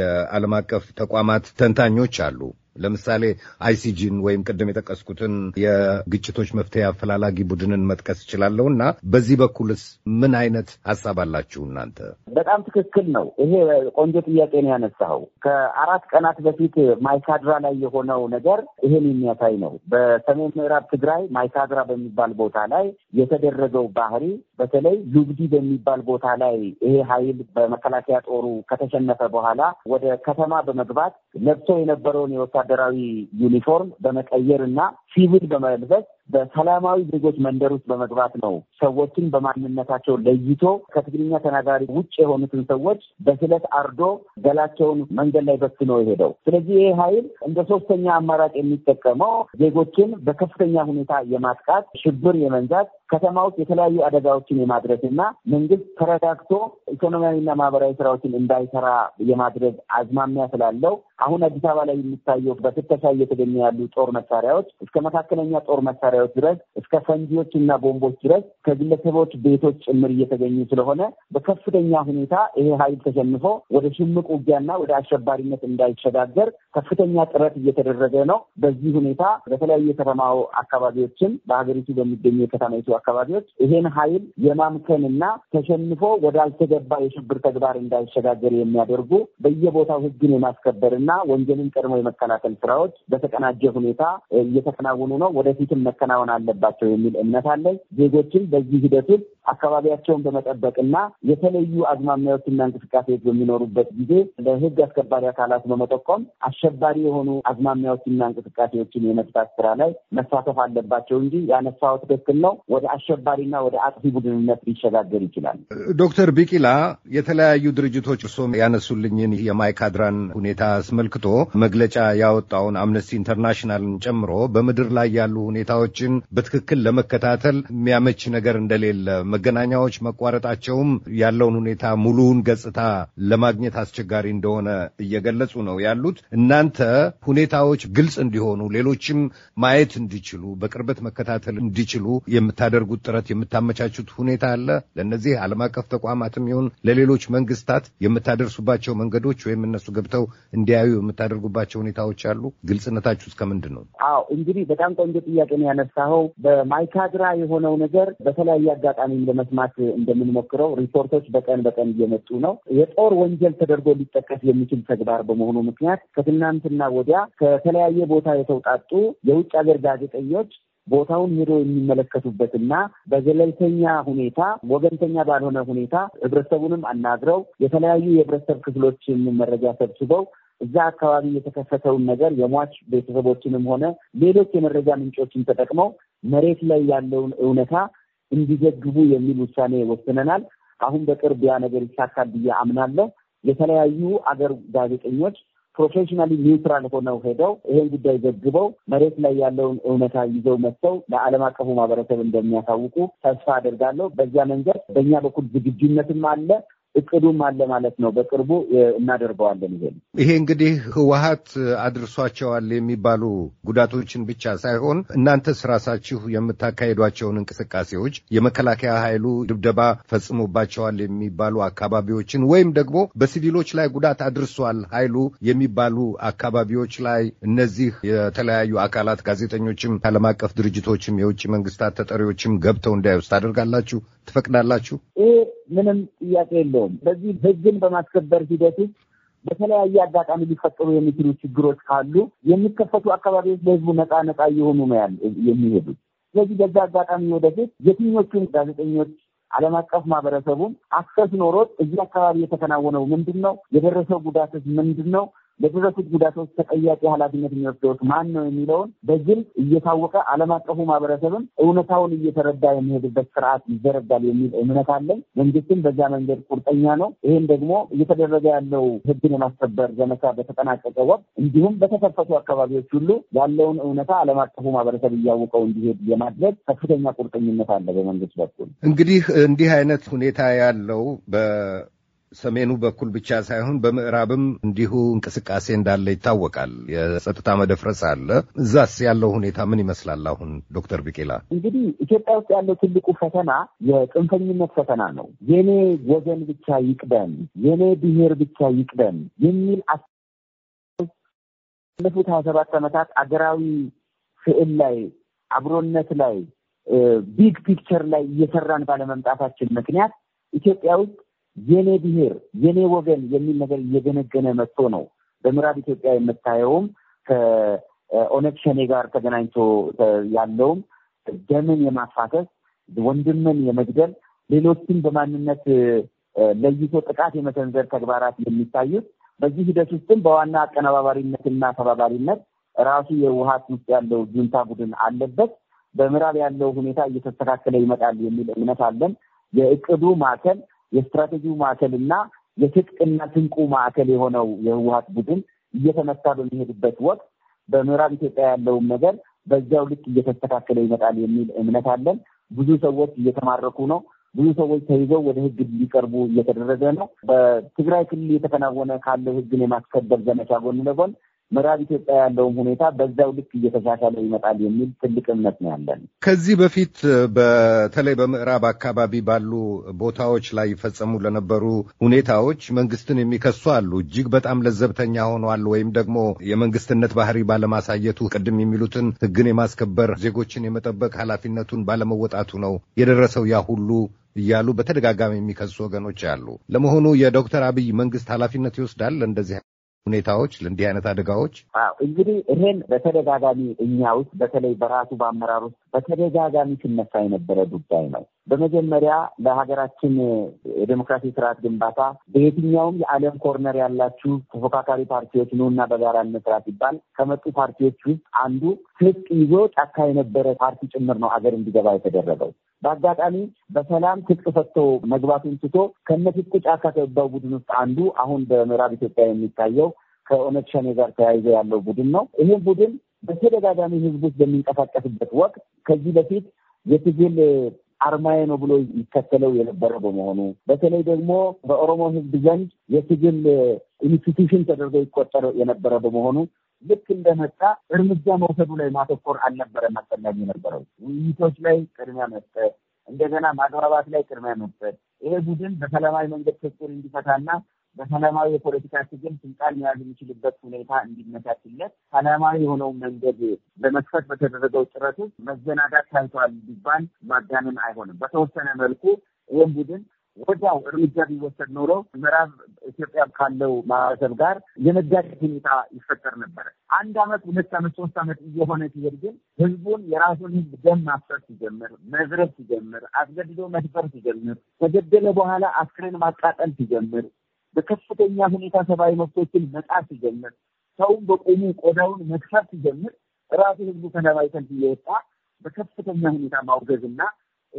የዓለም አቀፍ ተቋማት ተንታኞች አሉ። ለምሳሌ አይሲጂን ወይም ቅድም የጠቀስኩትን የግጭቶች መፍትሄ አፈላላጊ ቡድንን መጥቀስ እችላለሁ እና በዚህ በኩልስ ምን አይነት ሀሳብ አላችሁ እናንተ? በጣም ትክክል ነው። ይሄ ቆንጆ ጥያቄ ነው ያነሳኸው። ከአራት ቀናት በፊት ማይካድራ ላይ የሆነው ነገር ይሄን የሚያሳይ ነው። በሰሜን ምዕራብ ትግራይ ማይካድራ በሚባል ቦታ ላይ የተደረገው ባህሪ በተለይ ሉግዲ በሚባል ቦታ ላይ ይሄ ኃይል በመከላከያ ጦሩ ከተሸነፈ በኋላ ወደ ከተማ በመግባት ለብሶ የነበረውን የወታደራዊ ዩኒፎርም በመቀየር እና ሲቪል በመልበስ በሰላማዊ ዜጎች መንደር ውስጥ በመግባት ነው ሰዎችን በማንነታቸው ለይቶ ከትግርኛ ተናጋሪ ውጭ የሆኑትን ሰዎች በስለት አርዶ ገላቸውን መንገድ ላይ በትኖ የሄደው። ስለዚህ ይህ ኃይል እንደ ሶስተኛ አማራጭ የሚጠቀመው ዜጎችን በከፍተኛ ሁኔታ የማጥቃት ሽብር የመንዛት ከተማ ውስጥ የተለያዩ አደጋዎችን የማድረስ እና መንግስት ተረጋግቶ ኢኮኖሚያዊና ማህበራዊ ስራዎችን እንዳይሰራ የማድረግ አዝማሚያ ስላለው አሁን አዲስ አበባ ላይ የሚታየው በፍተሻ እየተገኘ ያሉ ጦር መሳሪያዎች እስከ መካከለኛ ጦር መሳሪያዎች ድረስ እስከ ፈንጂዎች እና ቦምቦች ድረስ ከግለሰቦች ቤቶች ጭምር እየተገኙ ስለሆነ በከፍተኛ ሁኔታ ይሄ ኃይል ተሸንፎ ወደ ሽምቅ ውጊያና ወደ አሸባሪነት እንዳይሸጋገር ከፍተኛ ጥረት እየተደረገ ነው። በዚህ ሁኔታ በተለያዩ የከተማው አካባቢዎችን በሀገሪቱ በሚገኙ የከተማይቱ አካባቢዎች ይሄን ኃይል የማምከንና ተሸንፎ ወዳልተገባ የሽብር ተግባር እንዳይሸጋገር የሚያደርጉ በየቦታው ህግን የማስከበርና እና ወንጀልን ቀድሞ የመከላከል ስራዎች በተቀናጀ ሁኔታ እየተከናወኑ ነው፣ ወደፊትም መከናወን አለባቸው የሚል እምነት አለኝ። ዜጎችን በዚህ ሂደት ውስጥ አካባቢያቸውን በመጠበቅና የተለዩ አዝማሚያዎችና እንቅስቃሴዎች በሚኖሩበት ጊዜ ለህግ አስከባሪ አካላት በመጠቆም አሸባሪ የሆኑ አዝማሚያዎችና እንቅስቃሴዎችን የመፍታት ስራ ላይ መሳተፍ አለባቸው እንጂ ያነሳው ትክክል ነው፣ ወደ አሸባሪና ወደ አጥፊ ቡድንነት ሊሸጋገር ይችላል። ዶክተር ቢቂላ የተለያዩ ድርጅቶች እርሶም ያነሱልኝን የማይካድራን ሁኔታ አስመ አስመልክቶ መግለጫ ያወጣውን አምነስቲ ኢንተርናሽናልን ጨምሮ በምድር ላይ ያሉ ሁኔታዎችን በትክክል ለመከታተል የሚያመች ነገር እንደሌለ፣ መገናኛዎች መቋረጣቸውም ያለውን ሁኔታ ሙሉውን ገጽታ ለማግኘት አስቸጋሪ እንደሆነ እየገለጹ ነው ያሉት። እናንተ ሁኔታዎች ግልጽ እንዲሆኑ ሌሎችም ማየት እንዲችሉ በቅርበት መከታተል እንዲችሉ የምታደርጉት ጥረት የምታመቻቹት ሁኔታ አለ። ለእነዚህ ዓለም አቀፍ ተቋማትም ይሁን ለሌሎች መንግስታት የምታደርሱባቸው መንገዶች ወይም እነሱ ገብተው እንዲያ እንዲያዩ የምታደርጉባቸው ሁኔታዎች አሉ? ግልጽነታችሁ እስከ ምንድን ነው? አዎ እንግዲህ በጣም ቆንጆ ጥያቄ ነው ያነሳኸው። በማይካድራ የሆነው ነገር በተለያየ አጋጣሚም ለመስማት እንደምንሞክረው ሪፖርቶች በቀን በቀን እየመጡ ነው። የጦር ወንጀል ተደርጎ ሊጠቀስ የሚችል ተግባር በመሆኑ ምክንያት ከትናንትና ወዲያ ከተለያየ ቦታ የተውጣጡ የውጭ ሀገር ጋዜጠኞች ቦታውን ሄዶ የሚመለከቱበትና በገለልተኛ ሁኔታ ወገንተኛ ባልሆነ ሁኔታ ህብረተሰቡንም አናግረው የተለያዩ የህብረተሰብ ክፍሎችን መረጃ ሰብስበው እዛ አካባቢ የተከሰተውን ነገር የሟች ቤተሰቦችንም ሆነ ሌሎች የመረጃ ምንጮችን ተጠቅመው መሬት ላይ ያለውን እውነታ እንዲዘግቡ የሚል ውሳኔ ወስነናል። አሁን በቅርብ ያ ነገር ይሳካል ብዬ አምናለሁ። የተለያዩ አገር ጋዜጠኞች ፕሮፌሽናሊ ኒውትራል ሆነው ሄደው ይሄን ጉዳይ ዘግበው መሬት ላይ ያለውን እውነታ ይዘው መጥተው ለዓለም አቀፉ ማህበረሰብ እንደሚያሳውቁ ተስፋ አደርጋለሁ። በዚያ መንገድ በእኛ በኩል ዝግጁነትም አለ። እቅዱም አለ ማለት ነው። በቅርቡ እናደርገዋለን። ይሄ ይሄ እንግዲህ ህወሀት አድርሷቸዋል የሚባሉ ጉዳቶችን ብቻ ሳይሆን እናንተስ ራሳችሁ የምታካሄዷቸውን እንቅስቃሴዎች የመከላከያ ኃይሉ ድብደባ ፈጽሞባቸዋል የሚባሉ አካባቢዎችን ወይም ደግሞ በሲቪሎች ላይ ጉዳት አድርሷል ኃይሉ የሚባሉ አካባቢዎች ላይ እነዚህ የተለያዩ አካላት ጋዜጠኞችም፣ ዓለም አቀፍ ድርጅቶችም፣ የውጭ መንግስታት ተጠሪዎችም ገብተው እንዳይወስድ ታደርጋላችሁ፣ ትፈቅዳላችሁ? ምንም ጥያቄ የለውም። በዚህ ህግን በማስከበር ሂደት በተለያየ አጋጣሚ ሊፈጠሩ የሚችሉ ችግሮች ካሉ የሚከፈቱ አካባቢዎች ለህዝቡ ነፃ ነፃ እየሆኑ ነው ያሉ የሚሄዱት። ስለዚህ በዛ አጋጣሚ ወደፊት የትኞቹን ጋዜጠኞች ዓለም አቀፍ ማህበረሰቡን አክሰስ ኖሮት እዚህ አካባቢ የተከናወነው ምንድን ነው፣ የደረሰው ጉዳትስ ምንድን ነው ለደረሱት ጉዳቶች ተጠያቂ ኃላፊነት የሚወስደውት ማን ነው የሚለውን በግልጽ እየታወቀ ዓለም አቀፉ ማህበረሰብም እውነታውን እየተረዳ የሚሄድበት ስርዓት ይዘረጋል የሚል እምነት አለኝ። መንግስትም በዛ መንገድ ቁርጠኛ ነው። ይህም ደግሞ እየተደረገ ያለው ህግን የማስከበር ዘመቻ በተጠናቀቀ ወቅት እንዲሁም በተከፈቱ አካባቢዎች ሁሉ ያለውን እውነታ ዓለም አቀፉ ማህበረሰብ እያወቀው እንዲሄድ የማድረግ ከፍተኛ ቁርጠኝነት አለ በመንግስት በኩል። እንግዲህ እንዲህ አይነት ሁኔታ ያለው በ ሰሜኑ በኩል ብቻ ሳይሆን በምዕራብም እንዲሁ እንቅስቃሴ እንዳለ ይታወቃል። የጸጥታ መደፍረስ አለ። እዛስ ያለው ሁኔታ ምን ይመስላል? አሁን ዶክተር ቢቄላ እንግዲህ ኢትዮጵያ ውስጥ ያለው ትልቁ ፈተና የጽንፈኝነት ፈተና ነው። የኔ ወገን ብቻ ይቅደም፣ የኔ ብሔር ብቻ ይቅደም የሚል ባለፉት ሀያ ሰባት ዓመታት አገራዊ ስዕል ላይ አብሮነት ላይ ቢግ ፒክቸር ላይ እየሰራን ባለመምጣታችን ምክንያት ኢትዮጵያ ውስጥ የኔ ብሔር የኔ ወገን የሚል ነገር እየገነገነ መጥቶ ነው። በምዕራብ ኢትዮጵያ የምታየውም ከኦነግ ሸኔ ጋር ተገናኝቶ ያለውም ደምን የማፋሰስ ወንድምን የመግደል ሌሎችን በማንነት ለይቶ ጥቃት የመሰንዘር ተግባራት የሚታዩት በዚህ ሂደት ውስጥም በዋና አቀነባባሪነትና ተባባሪነት ራሱ የውሃት ውስጥ ያለው ጁንታ ቡድን አለበት። በምዕራብ ያለው ሁኔታ እየተስተካከለ ይመጣል የሚል እምነት አለን። የእቅዱ ማዕከል የስትራቴጂው ማዕከል እና የትጥቅና ትንቁ ማዕከል የሆነው የህወሀት ቡድን እየተመታ በሚሄድበት ወቅት በምዕራብ ኢትዮጵያ ያለውን ነገር በዚያው ልክ እየተስተካከለ ይመጣል የሚል እምነት አለን። ብዙ ሰዎች እየተማረኩ ነው። ብዙ ሰዎች ተይዘው ወደ ህግ እንዲቀርቡ እየተደረገ ነው። በትግራይ ክልል እየተከናወነ ካለው ህግን የማስከበር ዘመቻ ጎን ለጎን ምዕራብ ኢትዮጵያ ያለውን ሁኔታ በዛው ልክ እየተሻሻለ ይመጣል የሚል ትልቅ እምነት ነው ያለን። ከዚህ በፊት በተለይ በምዕራብ አካባቢ ባሉ ቦታዎች ላይ ይፈጸሙ ለነበሩ ሁኔታዎች መንግስትን የሚከሱ አሉ። እጅግ በጣም ለዘብተኛ ሆኗል ወይም ደግሞ የመንግስትነት ባህሪ ባለማሳየቱ ቅድም የሚሉትን ህግን የማስከበር ዜጎችን የመጠበቅ ኃላፊነቱን ባለመወጣቱ ነው የደረሰው ያ ሁሉ እያሉ በተደጋጋሚ የሚከሱ ወገኖች አሉ። ለመሆኑ የዶክተር አብይ መንግስት ኃላፊነት ይወስዳል እንደዚህ ሁኔታዎች ለእንዲህ አይነት አደጋዎች? እንግዲህ ይሄን በተደጋጋሚ እኛ ውስጥ በተለይ በራሱ በአመራር ውስጥ በተደጋጋሚ ሲነሳ የነበረ ጉዳይ ነው። በመጀመሪያ ለሀገራችን የዴሞክራሲ ስርዓት ግንባታ በየትኛውም የዓለም ኮርነር ያላችሁ ተፎካካሪ ፓርቲዎች ነውና በጋራ እንስራ ሲባል ከመጡ ፓርቲዎች ውስጥ አንዱ ትጥቅ ይዞ ጫካ የነበረ ፓርቲ ጭምር ነው አገር እንዲገባ የተደረገው። በአጋጣሚ በሰላም ትጥቅ ፈቶ መግባቱን ትቶ ከነፊት ጫካ ከገባው ቡድን ውስጥ አንዱ አሁን በምዕራብ ኢትዮጵያ የሚታየው ከኦነግ ሸኔ ጋር ተያይዞ ያለው ቡድን ነው። ይህም ቡድን በተደጋጋሚ ህዝብ ውስጥ በሚንቀሳቀስበት ወቅት ከዚህ በፊት የትግል አርማዬ ነው ብሎ ይከተለው የነበረ በመሆኑ በተለይ ደግሞ በኦሮሞ ህዝብ ዘንድ የትግል ኢንስቲቱሽን ተደርጎ ይቆጠር የነበረ በመሆኑ ልክ እንደመጣ እርምጃ መውሰዱ ላይ ማተኮር አልነበረም አስፈላጊ የነበረው። ውይይቶች ላይ ቅድሚያ መስጠት፣ እንደገና ማግባባት ላይ ቅድሚያ መስጠት፣ ይሄ ቡድን በሰላማዊ መንገድ ችግር እንዲፈታና በሰላማዊ የፖለቲካ ትግል ስልጣን መያዝ የሚችልበት ሁኔታ እንዲመቻችለት ሰላማዊ የሆነውን መንገድ ለመክፈት በተደረገው ጥረት ውስጥ መዘናጋት ታይቷል ቢባል ማጋነን አይሆንም። በተወሰነ መልኩ ይህም ቡድን ወዲያው እርምጃ ቢወሰድ ኖሮ ምዕራብ ኢትዮጵያ ካለው ማህበረሰብ ጋር የመጋጨት ሁኔታ ይፈጠር ነበረ። አንድ አመት፣ ሁለት አመት፣ ሶስት አመት እየሆነ ሲሄድ ግን ህዝቡን የራሱን ህዝብ ደም ማፍሰር ሲጀምር፣ መዝረፍ ሲጀምር፣ አስገድዶ መድፈር ሲጀምር፣ ከገደለ በኋላ አስክሬን ማቃጠል ሲጀምር፣ በከፍተኛ ሁኔታ ሰብአዊ መብቶችን መጣ ሲጀምር፣ ሰውን በቆሙ ቆዳውን መክፈር ሲጀምር ራሱ ህዝቡ ከነባይተን እየወጣ በከፍተኛ ሁኔታ ማውገዝ እና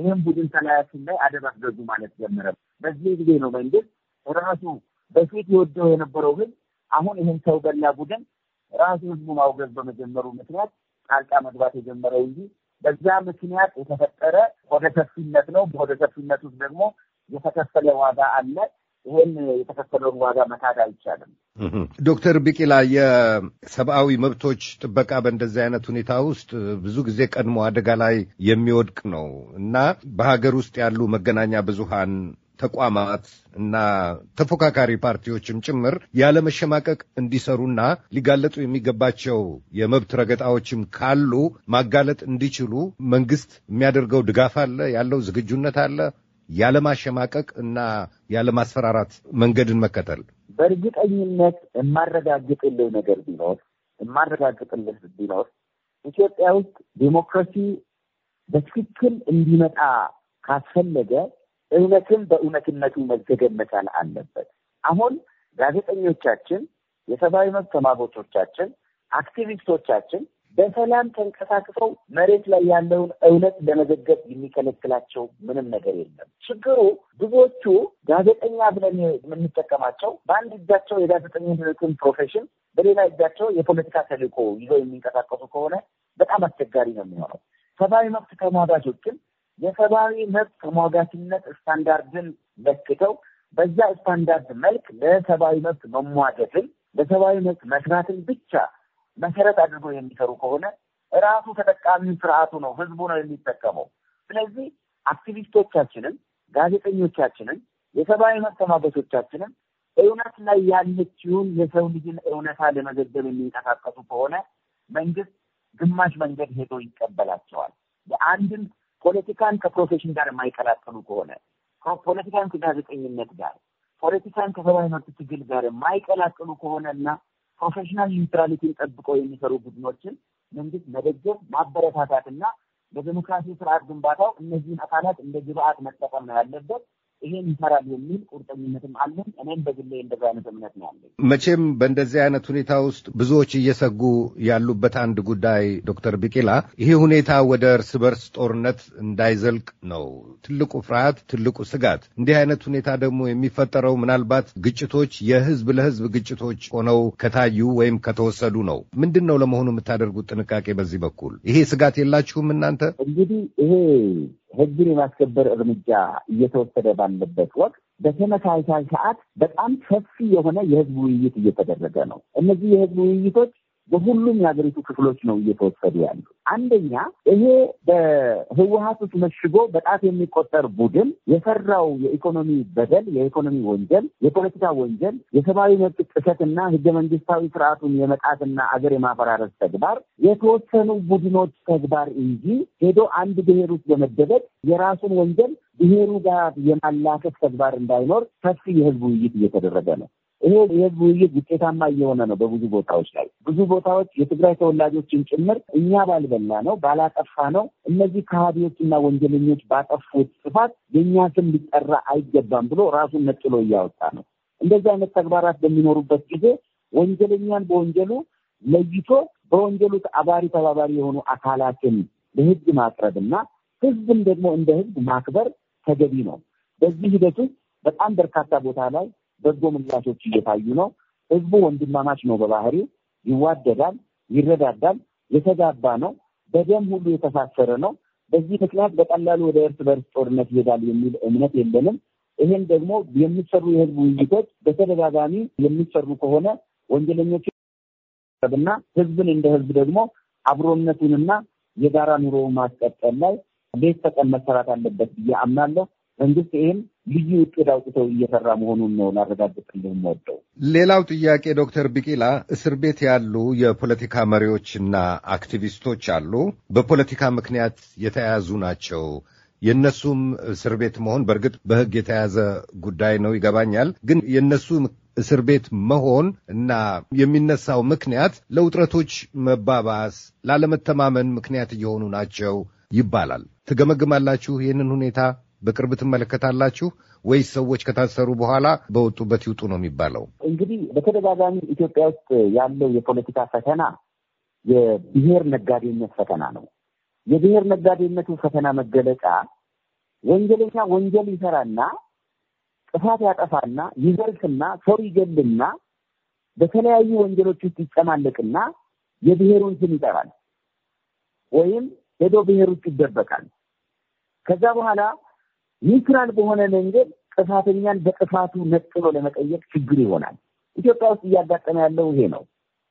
ይህም ቡድን ተለያችን ላይ አደብ አስገዙ ማለት ጀመረ። በዚህ ጊዜ ነው መንግስት ራሱ በፊት የወደው የነበረው ህዝብ አሁን ይህን ሰው በላ ቡድን ራሱ ህዝቡ ማውገዝ በመጀመሩ ምክንያት ጣልቃ መግባት የጀመረው እንጂ በዛ ምክንያት የተፈጠረ ሆደ ሰፊነት ነው። በሆደ ሰፊነት ውስጥ ደግሞ የተከፈለ ዋጋ አለ። ይህን የተከፈለውን ዋጋ መካድ አይቻልም። ዶክተር ቢቂላ የሰብአዊ መብቶች ጥበቃ በእንደዚህ አይነት ሁኔታ ውስጥ ብዙ ጊዜ ቀድሞ አደጋ ላይ የሚወድቅ ነው እና በሀገር ውስጥ ያሉ መገናኛ ብዙሃን ተቋማት እና ተፎካካሪ ፓርቲዎችም ጭምር ያለመሸማቀቅ እንዲሰሩና ሊጋለጡ የሚገባቸው የመብት ረገጣዎችም ካሉ ማጋለጥ እንዲችሉ መንግስት የሚያደርገው ድጋፍ አለ? ያለው ዝግጁነት አለ? ያለማሸማቀቅ እና ያለማስፈራራት መንገድን መከተል በእርግጠኝነት የማረጋግጥልህ ነገር ቢኖር የማረጋግጥልህ ቢኖር ኢትዮጵያ ውስጥ ዴሞክራሲ በትክክል እንዲመጣ ካስፈለገ እውነትን በእውነትነቱ መዘገብ መቻል አለበት። አሁን ጋዜጠኞቻችን፣ የሰብአዊ መብት ተማጎቾቻችን፣ አክቲቪስቶቻችን በሰላም ተንቀሳቅሰው መሬት ላይ ያለውን እውነት ለመዘገብ የሚከለክላቸው ምንም ነገር የለም። ችግሩ ብዙዎቹ ጋዜጠኛ ብለን የምንጠቀማቸው በአንድ እጃቸው የጋዜጠኝነትን ፕሮፌሽን፣ በሌላ እጃቸው የፖለቲካ ተልቆ ይዘው የሚንቀሳቀሱ ከሆነ በጣም አስቸጋሪ ነው የሚሆነው። ሰብአዊ መብት ተሟጋቾች ግን የሰብአዊ መብት ተሟጋችነት ስታንዳርድን ለክተው በዛ ስታንዳርድ መልክ ለሰብአዊ መብት መሟገትን ለሰብአዊ መብት መስራትን ብቻ መሰረት አድርጎ የሚሰሩ ከሆነ ራሱ ተጠቃሚው ስርዓቱ ነው፣ ህዝቡ ነው የሚጠቀመው። ስለዚህ አክቲቪስቶቻችንን፣ ጋዜጠኞቻችንን፣ የሰብአዊ መብት ተሟጋቾቻችንን እውነት ላይ ያለችውን የሰው ልጅን እውነታ ለመዘገብ የሚንቀሳቀሱ ከሆነ መንግስት ግማሽ መንገድ ሄዶ ይቀበላቸዋል። የአንድን ፖለቲካን ከፕሮፌሽን ጋር የማይቀላቀሉ ከሆነ ፖለቲካን ከጋዜጠኝነት ጋር ፖለቲካን ከሰብአዊ መብት ትግል ጋር የማይቀላቀሉ ከሆነ እና ፕሮፌሽናል ኒውትራሊቲን ጠብቀው የሚሰሩ ቡድኖችን መንግስት መደገፍ ማበረታታትና በዲሞክራሲ ስርዓት ግንባታው እነዚህን አካላት እንደ ግብአት መጠቀም ነው ያለበት። ይሄን ይሰራል የሚል ቁርጠኝነትም አለን። እኔም በግሌ እንደዚህ አይነት እምነት ነው ያለኝ። መቼም በእንደዚህ አይነት ሁኔታ ውስጥ ብዙዎች እየሰጉ ያሉበት አንድ ጉዳይ ዶክተር ቢቂላ ይሄ ሁኔታ ወደ እርስ በርስ ጦርነት እንዳይዘልቅ ነው ትልቁ ፍርሃት፣ ትልቁ ስጋት። እንዲህ አይነት ሁኔታ ደግሞ የሚፈጠረው ምናልባት ግጭቶች የህዝብ ለህዝብ ግጭቶች ሆነው ከታዩ ወይም ከተወሰዱ ነው። ምንድን ነው ለመሆኑ የምታደርጉት ጥንቃቄ በዚህ በኩል? ይሄ ስጋት የላችሁም እናንተ? እንግዲህ ይሄ ህግን የማስከበር እርምጃ እየተወሰደ ባለ ባለበት ወቅት በተመሳሳይ ሰዓት በጣም ሰፊ የሆነ የህዝብ ውይይት እየተደረገ ነው። እነዚህ የህዝብ ውይይቶች በሁሉም የሀገሪቱ ክፍሎች ነው እየተወሰዱ ያሉ። አንደኛ ይሄ በህወሀት ውስጥ መሽጎ በጣት የሚቆጠር ቡድን የሰራው የኢኮኖሚ በደል፣ የኢኮኖሚ ወንጀል፣ የፖለቲካ ወንጀል፣ የሰብአዊ መብት ጥሰትና ህገ መንግስታዊ ስርዓቱን የመጣትና አገር የማፈራረስ ተግባር የተወሰኑ ቡድኖች ተግባር እንጂ ሄዶ አንድ ብሔር ውስጥ በመደበቅ የራሱን ወንጀል ብሔሩ ጋር የማላከፍ ተግባር እንዳይኖር ሰፊ የህዝብ ውይይት እየተደረገ ነው። ይሄ የህዝብ ውይይት ውጤታማ እየሆነ ነው። በብዙ ቦታዎች ላይ ብዙ ቦታዎች የትግራይ ተወላጆችን ጭምር እኛ ባልበላ ነው ባላጠፋ ነው እነዚህ ከሃዲዎችና ወንጀለኞች ባጠፉት ጥፋት የእኛ ስም ሊጠራ አይገባም ብሎ ራሱን ነጥሎ እያወጣ ነው። እንደዚህ አይነት ተግባራት በሚኖሩበት ጊዜ ወንጀለኛን በወንጀሉ ለይቶ በወንጀሉ አባሪ ተባባሪ የሆኑ አካላትን ለህግ ማቅረብ ህዝብን ደግሞ እንደ ህዝብ ማክበር ተገቢ ነው። በዚህ ሂደት ውስጥ በጣም በርካታ ቦታ ላይ በጎ ምላሾች እየታዩ ነው። ህዝቡ ወንድማማች ነው፣ በባህሪው ይዋደዳል፣ ይረዳዳል፣ የተጋባ ነው፣ በደም ሁሉ የተሳሰረ ነው። በዚህ ምክንያት በቀላሉ ወደ እርስ በርስ ጦርነት ይሄዳል የሚል እምነት የለንም። ይህን ደግሞ የሚሰሩ የህዝብ ውይይቶች በተደጋጋሚ የሚሰሩ ከሆነ ወንጀለኞች እና ህዝብን እንደ ህዝብ ደግሞ አብሮነቱንና የጋራ ኑሮውን ማስቀጠል ላይ ቤት ተቀን መሰራት አለበት ብዬ አምናለሁ። መንግስት ይህም ልዩ እቅድ አውጥተው እየሰራ መሆኑን ነው ላረጋግጥልህ ወደው። ሌላው ጥያቄ ዶክተር ቢቂላ እስር ቤት ያሉ የፖለቲካ መሪዎችና አክቲቪስቶች አሉ፣ በፖለቲካ ምክንያት የተያዙ ናቸው። የእነሱም እስር ቤት መሆን በእርግጥ በሕግ የተያዘ ጉዳይ ነው ይገባኛል። ግን የእነሱ እስር ቤት መሆን እና የሚነሳው ምክንያት ለውጥረቶች መባባስ፣ ላለመተማመን ምክንያት እየሆኑ ናቸው ይባላል። ትገመግማላችሁ? ይህንን ሁኔታ በቅርብ ትመለከታላችሁ ወይስ ሰዎች ከታሰሩ በኋላ በወጡበት ይውጡ ነው የሚባለው? እንግዲህ በተደጋጋሚ ኢትዮጵያ ውስጥ ያለው የፖለቲካ ፈተና የብሔር ነጋዴነት ፈተና ነው። የብሔር ነጋዴነቱ ፈተና መገለጫ ወንጀለኛ ወንጀል ይሰራና ጥፋት ያጠፋና ይዘርፍና ሰው ይገልና በተለያዩ ወንጀሎች ውስጥ ይጨማለቅና የብሔሩን ስም ይጠራል ወይም ሄዶ ብሔር ውስጥ ይደበቃል። ከዛ በኋላ ኒውትራል በሆነ መንገድ ጥፋተኛን በጥፋቱ ነጥሎ ለመጠየቅ ችግር ይሆናል። ኢትዮጵያ ውስጥ እያጋጠመ ያለው ይሄ ነው።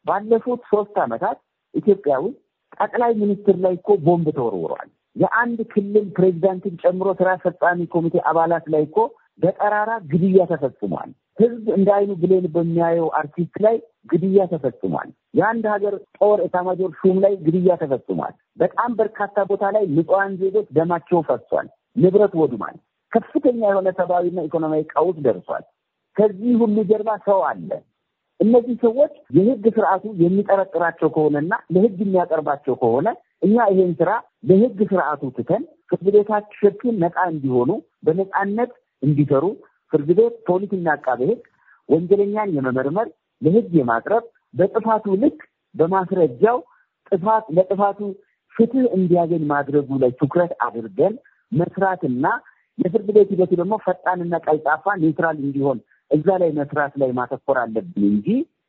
ባለፉት ሶስት ዓመታት ኢትዮጵያ ውስጥ ጠቅላይ ሚኒስትር ላይ እኮ ቦምብ ተወርውሯል። የአንድ ክልል ፕሬዚዳንትን ጨምሮ ስራ አስፈጻሚ ኮሚቴ አባላት ላይ እኮ በጠራራ ግድያ ተፈጽሟል። ህዝብ እንደ አይኑ ብሌን በሚያየው አርቲስት ላይ ግድያ ተፈጽሟል። የአንድ ሀገር ጦር ኤታማጆር ሹም ላይ ግድያ ተፈጽሟል። በጣም በርካታ ቦታ ላይ ንጹሐን ዜጎች ደማቸው ፈሷል፣ ንብረት ወድሟል። ከፍተኛ የሆነ ሰብአዊና ኢኮኖሚያዊ ቀውስ ደርሷል። ከዚህ ሁሉ ጀርባ ሰው አለ። እነዚህ ሰዎች የህግ ስርዓቱ የሚጠረጥራቸው ከሆነና ለህግ የሚያቀርባቸው ከሆነ እኛ ይሄን ስራ ለህግ ስርዓቱ ትተን ፍርድ ቤታችን ነፃ እንዲሆኑ በነፃነት እንዲሰሩ ፍርድ ቤት፣ ፖሊስና አቃቤ ህግ ወንጀለኛን የመመርመር ለህግ የማቅረብ በጥፋቱ ልክ በማስረጃው ጥፋት ለጥፋቱ ፍትህ እንዲያገኝ ማድረጉ ላይ ትኩረት አድርገን መስራትና የፍርድ ቤት ሂደቱ ደግሞ ፈጣንና ቀልጣፋ ኔትራል እንዲሆን እዛ ላይ መስራት ላይ ማተኮር አለብን እንጂ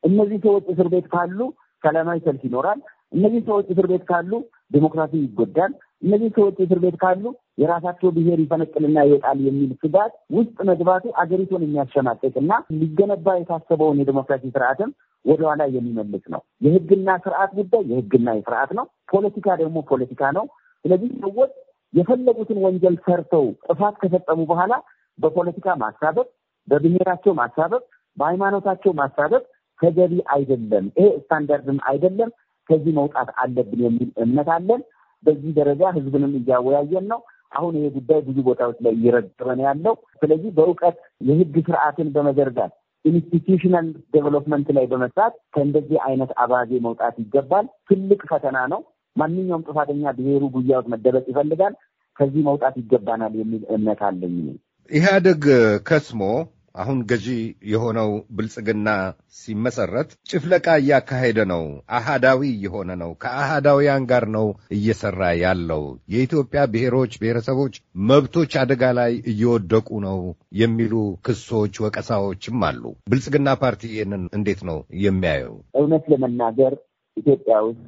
እነዚህ ሰዎች እስር ቤት ካሉ ሰላማዊ ሰልፍ ይኖራል። እነዚህ ሰዎች እስር ቤት ካሉ ዴሞክራሲ ይጎዳል። እነዚህ ሰዎች እስር ቤት ካሉ የራሳቸው ብሔር ይፈነቅልና ይወጣል የሚል ስጋት ውስጥ መግባቱ አገሪቱን የሚያሸማቀቅ እና ሊገነባ የታሰበውን የዲሞክራሲ ስርዓትም ወደኋላ የሚመልስ ነው። የህግና ስርዓት ጉዳይ የህግና የስርዓት ነው። ፖለቲካ ደግሞ ፖለቲካ ነው። ስለዚህ ሰዎች የፈለጉትን ወንጀል ሰርተው ጥፋት ከፈጸሙ በኋላ በፖለቲካ ማሳበብ፣ በብሔራቸው ማሳበብ፣ በሃይማኖታቸው ማሳበብ ተገቢ አይደለም። ይሄ ስታንዳርድም አይደለም። ከዚህ መውጣት አለብን የሚል እምነት አለን። በዚህ ደረጃ ህዝብንም እያወያየን ነው። አሁን ይሄ ጉዳይ ብዙ ቦታዎች ላይ እየረገበ ነው ያለው። ስለዚህ በእውቀት የህግ ስርዓትን በመዘርጋት ኢንስቲትዩሽናል ዴቨሎፕመንት ላይ በመስራት ከእንደዚህ አይነት አባዜ መውጣት ይገባል። ትልቅ ፈተና ነው። ማንኛውም ጥፋተኛ ብሔሩ ጉያውት መደበቅ ይፈልጋል። ከዚህ መውጣት ይገባናል የሚል እምነት አለኝ። ኢህአደግ ከስሞ አሁን ገዢ የሆነው ብልጽግና ሲመሰረት ጭፍለቃ እያካሄደ ነው። አሃዳዊ እየሆነ ነው። ከአሃዳውያን ጋር ነው እየሰራ ያለው። የኢትዮጵያ ብሔሮች፣ ብሔረሰቦች መብቶች አደጋ ላይ እየወደቁ ነው የሚሉ ክሶች፣ ወቀሳዎችም አሉ። ብልጽግና ፓርቲ ይህንን እንዴት ነው የሚያየው? እውነት ለመናገር ኢትዮጵያ ውስጥ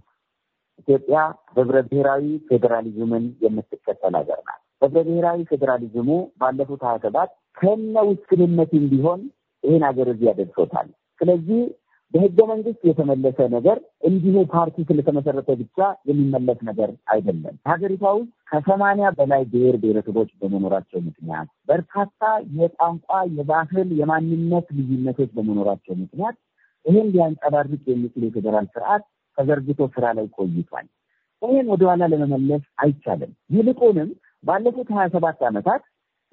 ኢትዮጵያ ህብረ ብሔራዊ ፌዴራሊዝምን የምትከተል ሀገር ናት። ህብረ ብሔራዊ ፌዴራሊዝሙ ባለፉት ሀያ ሰባት ከነ ውስንነትም ቢሆን ይህን ሀገር እዚህ ያደርሶታል። ስለዚህ በህገ መንግስት የተመለሰ ነገር እንዲሁ ፓርቲ ስለተመሰረተ ብቻ የሚመለስ ነገር አይደለም። ሀገሪቷ ውስጥ ከሰማንያ በላይ ብሔር ብሔረሰቦች በመኖራቸው ምክንያት በርካታ የቋንቋ፣ የባህል፣ የማንነት ልዩነቶች በመኖራቸው ምክንያት ይህን ሊያንጸባርቅ የሚችል የፌዴራል ስርዓት ተዘርግቶ ስራ ላይ ቆይቷል። ይህን ወደኋላ ለመመለስ አይቻልም። ይልቁንም ባለፉት ሀያ ሰባት ዓመታት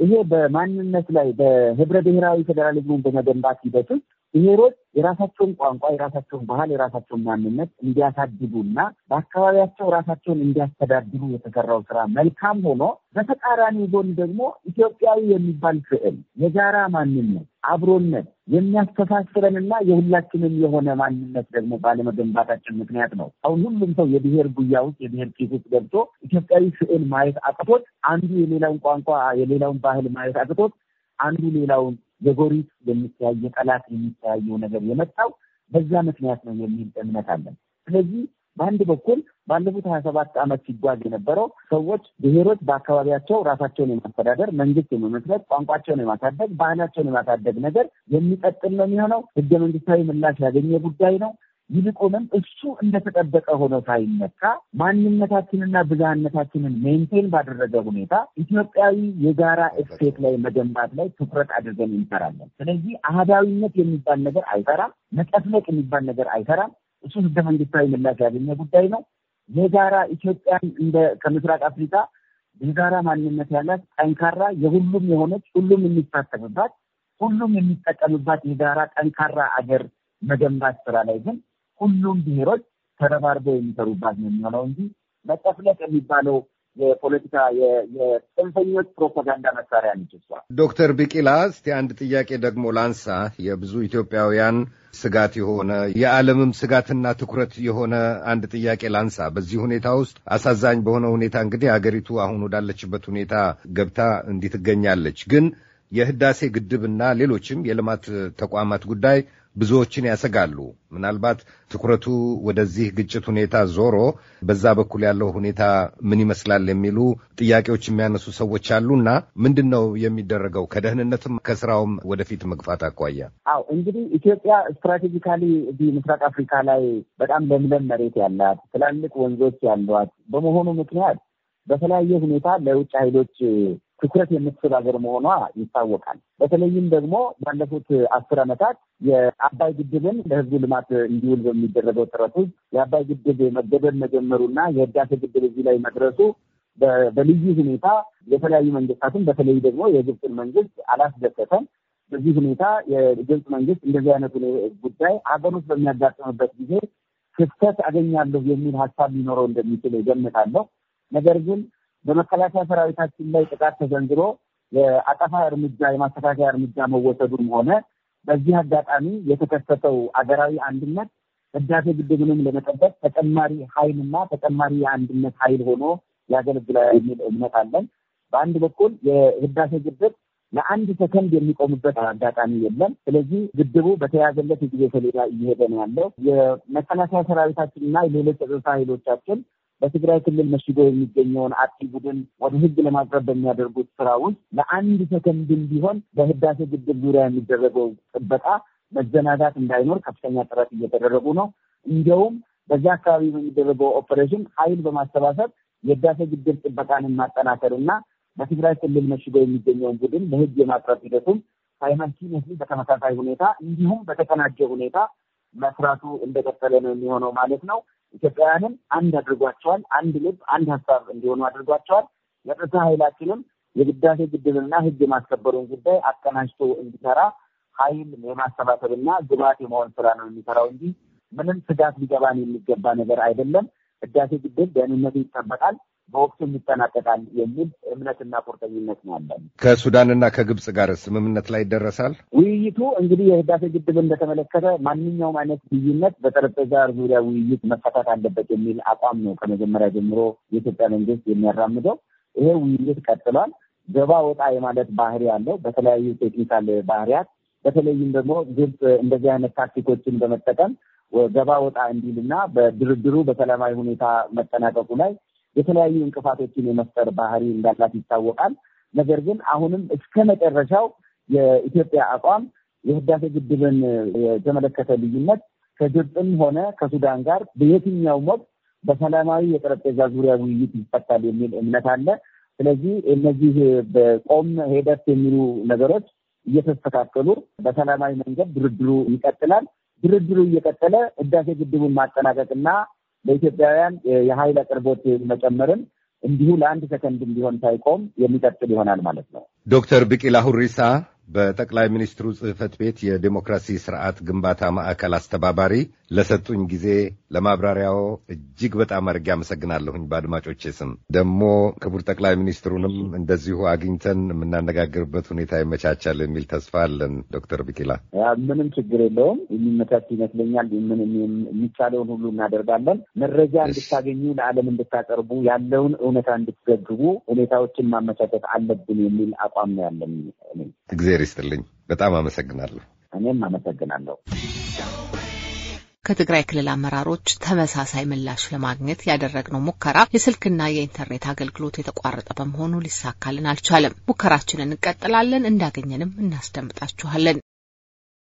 ይሄ በማንነት ላይ በህብረ ብሔራዊ ፌዴራሊዝሙን በመገንባት ሂደት ውስጥ ብሔሮች የራሳቸውን ቋንቋ፣ የራሳቸውን ባህል፣ የራሳቸውን ማንነት እና በአካባቢያቸው ራሳቸውን እንዲያስተዳድሩ የተሰራው ስራ መልካም ሆኖ በተቃራኒ ጎን ደግሞ ኢትዮጵያዊ የሚባል ስዕል የጋራ ማንነት አብሮነት የሚያስተሳስረንና የሁላችንም የሆነ ማንነት ደግሞ ባለመገንባታችን ምክንያት ነው። አሁን ሁሉም ሰው የብሔር ጉያ ውስጥ የብሔር ኪስ ውስጥ ገብቶ ኢትዮጵያዊ ስዕል ማየት አቅቶት፣ አንዱ የሌላውን ቋንቋ የሌላውን ባህል ማየት አቅቶት፣ አንዱ ሌላውን የጎሪት የሚተያይ የጠላት የሚተያየው ነገር የመጣው በዛ ምክንያት ነው የሚል እምነት አለን። ስለዚህ በአንድ በኩል ባለፉት ሀያ ሰባት ዓመት ሲጓዝ የነበረው ሰዎች ብሔሮች በአካባቢያቸው ራሳቸውን የማስተዳደር መንግስት የመመስረት ቋንቋቸውን የማሳደግ ባህላቸውን የማሳደግ ነገር የሚቀጥል ነው የሚሆነው። ህገ መንግስታዊ ምላሽ ያገኘ ጉዳይ ነው። ይልቁንም እሱ እንደተጠበቀ ሆኖ ሳይመካ ማንነታችንና ብዝሃነታችንን ሜንቴን ባደረገ ሁኔታ ኢትዮጵያዊ የጋራ እሴት ላይ መገንባት ላይ ትኩረት አድርገን እንሰራለን። ስለዚህ አህዳዊነት የሚባል ነገር አይሰራም። መጨፍለቅ የሚባል ነገር አይሰራም። እሱ ህገ መንግስታዊ ምላሽ ያገኘ ጉዳይ ነው። የጋራ ኢትዮጵያን እንደ ከምስራቅ አፍሪካ የጋራ ማንነት ያላት ጠንካራ የሁሉም የሆነች ሁሉም የሚሳተፍባት ሁሉም የሚጠቀምባት የጋራ ጠንካራ አገር መገንባት ስራ ላይ ግን ሁሉም ብሔሮች ተረባርበው የሚሰሩባት ነው የሚሆነው እንጂ መጨፍለቅ የሚባለው የፖለቲካ የጽንፈኞች ፕሮፓጋንዳ መሳሪያ ነች እሷ። ዶክተር ቢቂላ እስቲ አንድ ጥያቄ ደግሞ ላንሳ። የብዙ ኢትዮጵያውያን ስጋት የሆነ የዓለምም ስጋትና ትኩረት የሆነ አንድ ጥያቄ ላንሳ። በዚህ ሁኔታ ውስጥ አሳዛኝ በሆነ ሁኔታ እንግዲህ አገሪቱ አሁን ወዳለችበት ሁኔታ ገብታ እንዲህ ትገኛለች ግን የህዳሴ ግድብና ሌሎችም የልማት ተቋማት ጉዳይ ብዙዎችን ያሰጋሉ። ምናልባት ትኩረቱ ወደዚህ ግጭት ሁኔታ ዞሮ በዛ በኩል ያለው ሁኔታ ምን ይመስላል የሚሉ ጥያቄዎች የሚያነሱ ሰዎች አሉና ምንድን ነው የሚደረገው ከደህንነትም ከስራውም ወደፊት መግፋት አኳያ? አዎ እንግዲህ ኢትዮጵያ ስትራቴጂካሊ እዚህ ምስራቅ አፍሪካ ላይ በጣም ለምለም መሬት ያላት ትላልቅ ወንዞች ያሏት በመሆኑ ምክንያት በተለያየ ሁኔታ ለውጭ ኃይሎች ትኩረት የምትስብ ሀገር መሆኗ ይታወቃል። በተለይም ደግሞ ባለፉት አስር ዓመታት የአባይ ግድብን ለሕዝቡ ልማት እንዲውል በሚደረገው ጥረት ውስጥ የአባይ ግድብ መገደብ መጀመሩና የህዳሴ ግድብ እዚህ ላይ መድረሱ በልዩ ሁኔታ የተለያዩ መንግስታትን በተለይ ደግሞ የግብፅን መንግስት አላስደሰተም። በዚህ ሁኔታ የግብፅ መንግስት እንደዚህ አይነቱ ጉዳይ ሀገር ውስጥ በሚያጋጥምበት ጊዜ ክፍተት አገኛለሁ የሚል ሀሳብ ሊኖረው እንደሚችል ገምታለሁ። ነገር ግን በመከላከያ ሰራዊታችን ላይ ጥቃት ተዘንዝሮ የአጠፋ እርምጃ የማስተካከያ እርምጃ መወሰዱም ሆነ በዚህ አጋጣሚ የተከሰተው አገራዊ አንድነት ህዳሴ ግድብንም ለመጠበቅ ተጨማሪ ኃይልና ተጨማሪ የአንድነት ኃይል ሆኖ ያገለግላል የሚል እምነት አለን። በአንድ በኩል የህዳሴ ግድብ ለአንድ ሰከንድ የሚቆምበት አጋጣሚ የለም። ስለዚህ ግድቡ በተያዘለት የጊዜ ሰሌዳ እየሄደ ነው ያለው። የመከላከያ ሰራዊታችንና የሌሎች ጸጥታ ኃይሎቻችን በትግራይ ክልል መሽጎ የሚገኘውን አጥቂ ቡድን ወደ ህግ ለማቅረብ በሚያደርጉት ስራ ውስጥ ለአንድ ሰከንድም ቢሆን በህዳሴ ግድብ ዙሪያ የሚደረገው ጥበቃ መዘናጋት እንዳይኖር ከፍተኛ ጥረት እየተደረጉ ነው። እንዲያውም በዚያ አካባቢ በሚደረገው ኦፐሬሽን ኃይል በማሰባሰብ የህዳሴ ግድብ ጥበቃን ማጠናከር እና በትግራይ ክልል መሽጎ የሚገኘውን ቡድን ለህግ የማቅረብ ሂደቱም ሳይመልሲነስ በተመሳሳይ ሁኔታ እንዲሁም በተቀናጀ ሁኔታ መስራቱ እንደቀጠለ ነው የሚሆነው ማለት ነው። ኢትዮጵያውያንን አንድ አድርጓቸዋል። አንድ ልብ፣ አንድ ሀሳብ እንዲሆኑ አድርጓቸዋል። የጸጥታ ኃይላችንም የግዳሴ ግድብና ህግ የማስከበሩን ጉዳይ አቀናጅቶ እንዲሰራ ኃይል የማሰባሰብና ግብዓት የመሆን ስራ ነው የሚሰራው እንጂ ምንም ስጋት ሊገባን የሚገባ ነገር አይደለም። ህዳሴ ግድብ ደህንነቱ ይጠበቃል። በወቅቱ ይጠናቀቃል የሚል እምነትና ቁርጠኝነት ነው ያለን። ከሱዳንና ከግብፅ ጋር ስምምነት ላይ ይደረሳል። ውይይቱ እንግዲህ የህዳሴ ግድብን በተመለከተ ማንኛውም አይነት ልዩነት በጠረጴዛ ዙሪያ ውይይት መፈታት አለበት የሚል አቋም ነው ከመጀመሪያ ጀምሮ የኢትዮጵያ መንግስት የሚያራምደው። ይሄ ውይይት ቀጥሏል። ገባ ወጣ የማለት ባህሪ ያለው በተለያዩ ቴክኒካል ባህሪያት በተለይም ደግሞ ግብፅ እንደዚህ አይነት ታክቲኮችን በመጠቀም ገባ ወጣ እንዲልና በድርድሩ በሰላማዊ ሁኔታ መጠናቀቁ ላይ የተለያዩ እንቅፋቶችን የመፍጠር ባህሪ እንዳላት ይታወቃል። ነገር ግን አሁንም እስከ መጨረሻው የኢትዮጵያ አቋም የህዳሴ ግድብን የተመለከተ ልዩነት ከግብፅም ሆነ ከሱዳን ጋር በየትኛውም ወቅት በሰላማዊ የጠረጴዛ ዙሪያ ውይይት ይፈታል የሚል እምነት አለ። ስለዚህ እነዚህ በቆም ሂደት የሚሉ ነገሮች እየተስተካከሉ በሰላማዊ መንገድ ድርድሩ ይቀጥላል። ድርድሩ እየቀጠለ ህዳሴ ግድቡን ማጠናቀቅና ለኢትዮጵያውያን የኃይል አቅርቦት መጨመርን እንዲሁ ለአንድ ሰከንድ እንዲሆን ሳይቆም የሚቀጥል ይሆናል ማለት ነው። ዶክተር ብቂላ ሁሪሳ በጠቅላይ ሚኒስትሩ ጽህፈት ቤት የዴሞክራሲ ስርዓት ግንባታ ማዕከል አስተባባሪ ለሰጡኝ ጊዜ ለማብራሪያው እጅግ በጣም አድርጌ አመሰግናለሁኝ። በአድማጮች ስም ደግሞ ክቡር ጠቅላይ ሚኒስትሩንም እንደዚሁ አግኝተን የምናነጋግርበት ሁኔታ ይመቻቻል የሚል ተስፋ አለን። ዶክተር ቢኪላ ምንም ችግር የለውም፣ የሚመቻች ይመስለኛል። ምን የሚቻለውን ሁሉ እናደርጋለን። መረጃ እንድታገኙ ለዓለም እንድታቀርቡ ያለውን እውነታ እንድትዘግቡ ሁኔታዎችን ማመቻቸት አለብን የሚል አቋም ነው ያለን። እግዜር ይስጥልኝ። በጣም አመሰግናለሁ። እኔም አመሰግናለሁ። ከትግራይ ክልል አመራሮች ተመሳሳይ ምላሽ ለማግኘት ያደረግነው ሙከራ የስልክና የኢንተርኔት አገልግሎት የተቋረጠ በመሆኑ ሊሳካልን አልቻለም። ሙከራችንን እንቀጥላለን። እንዳገኘንም እናስደምጣችኋለን።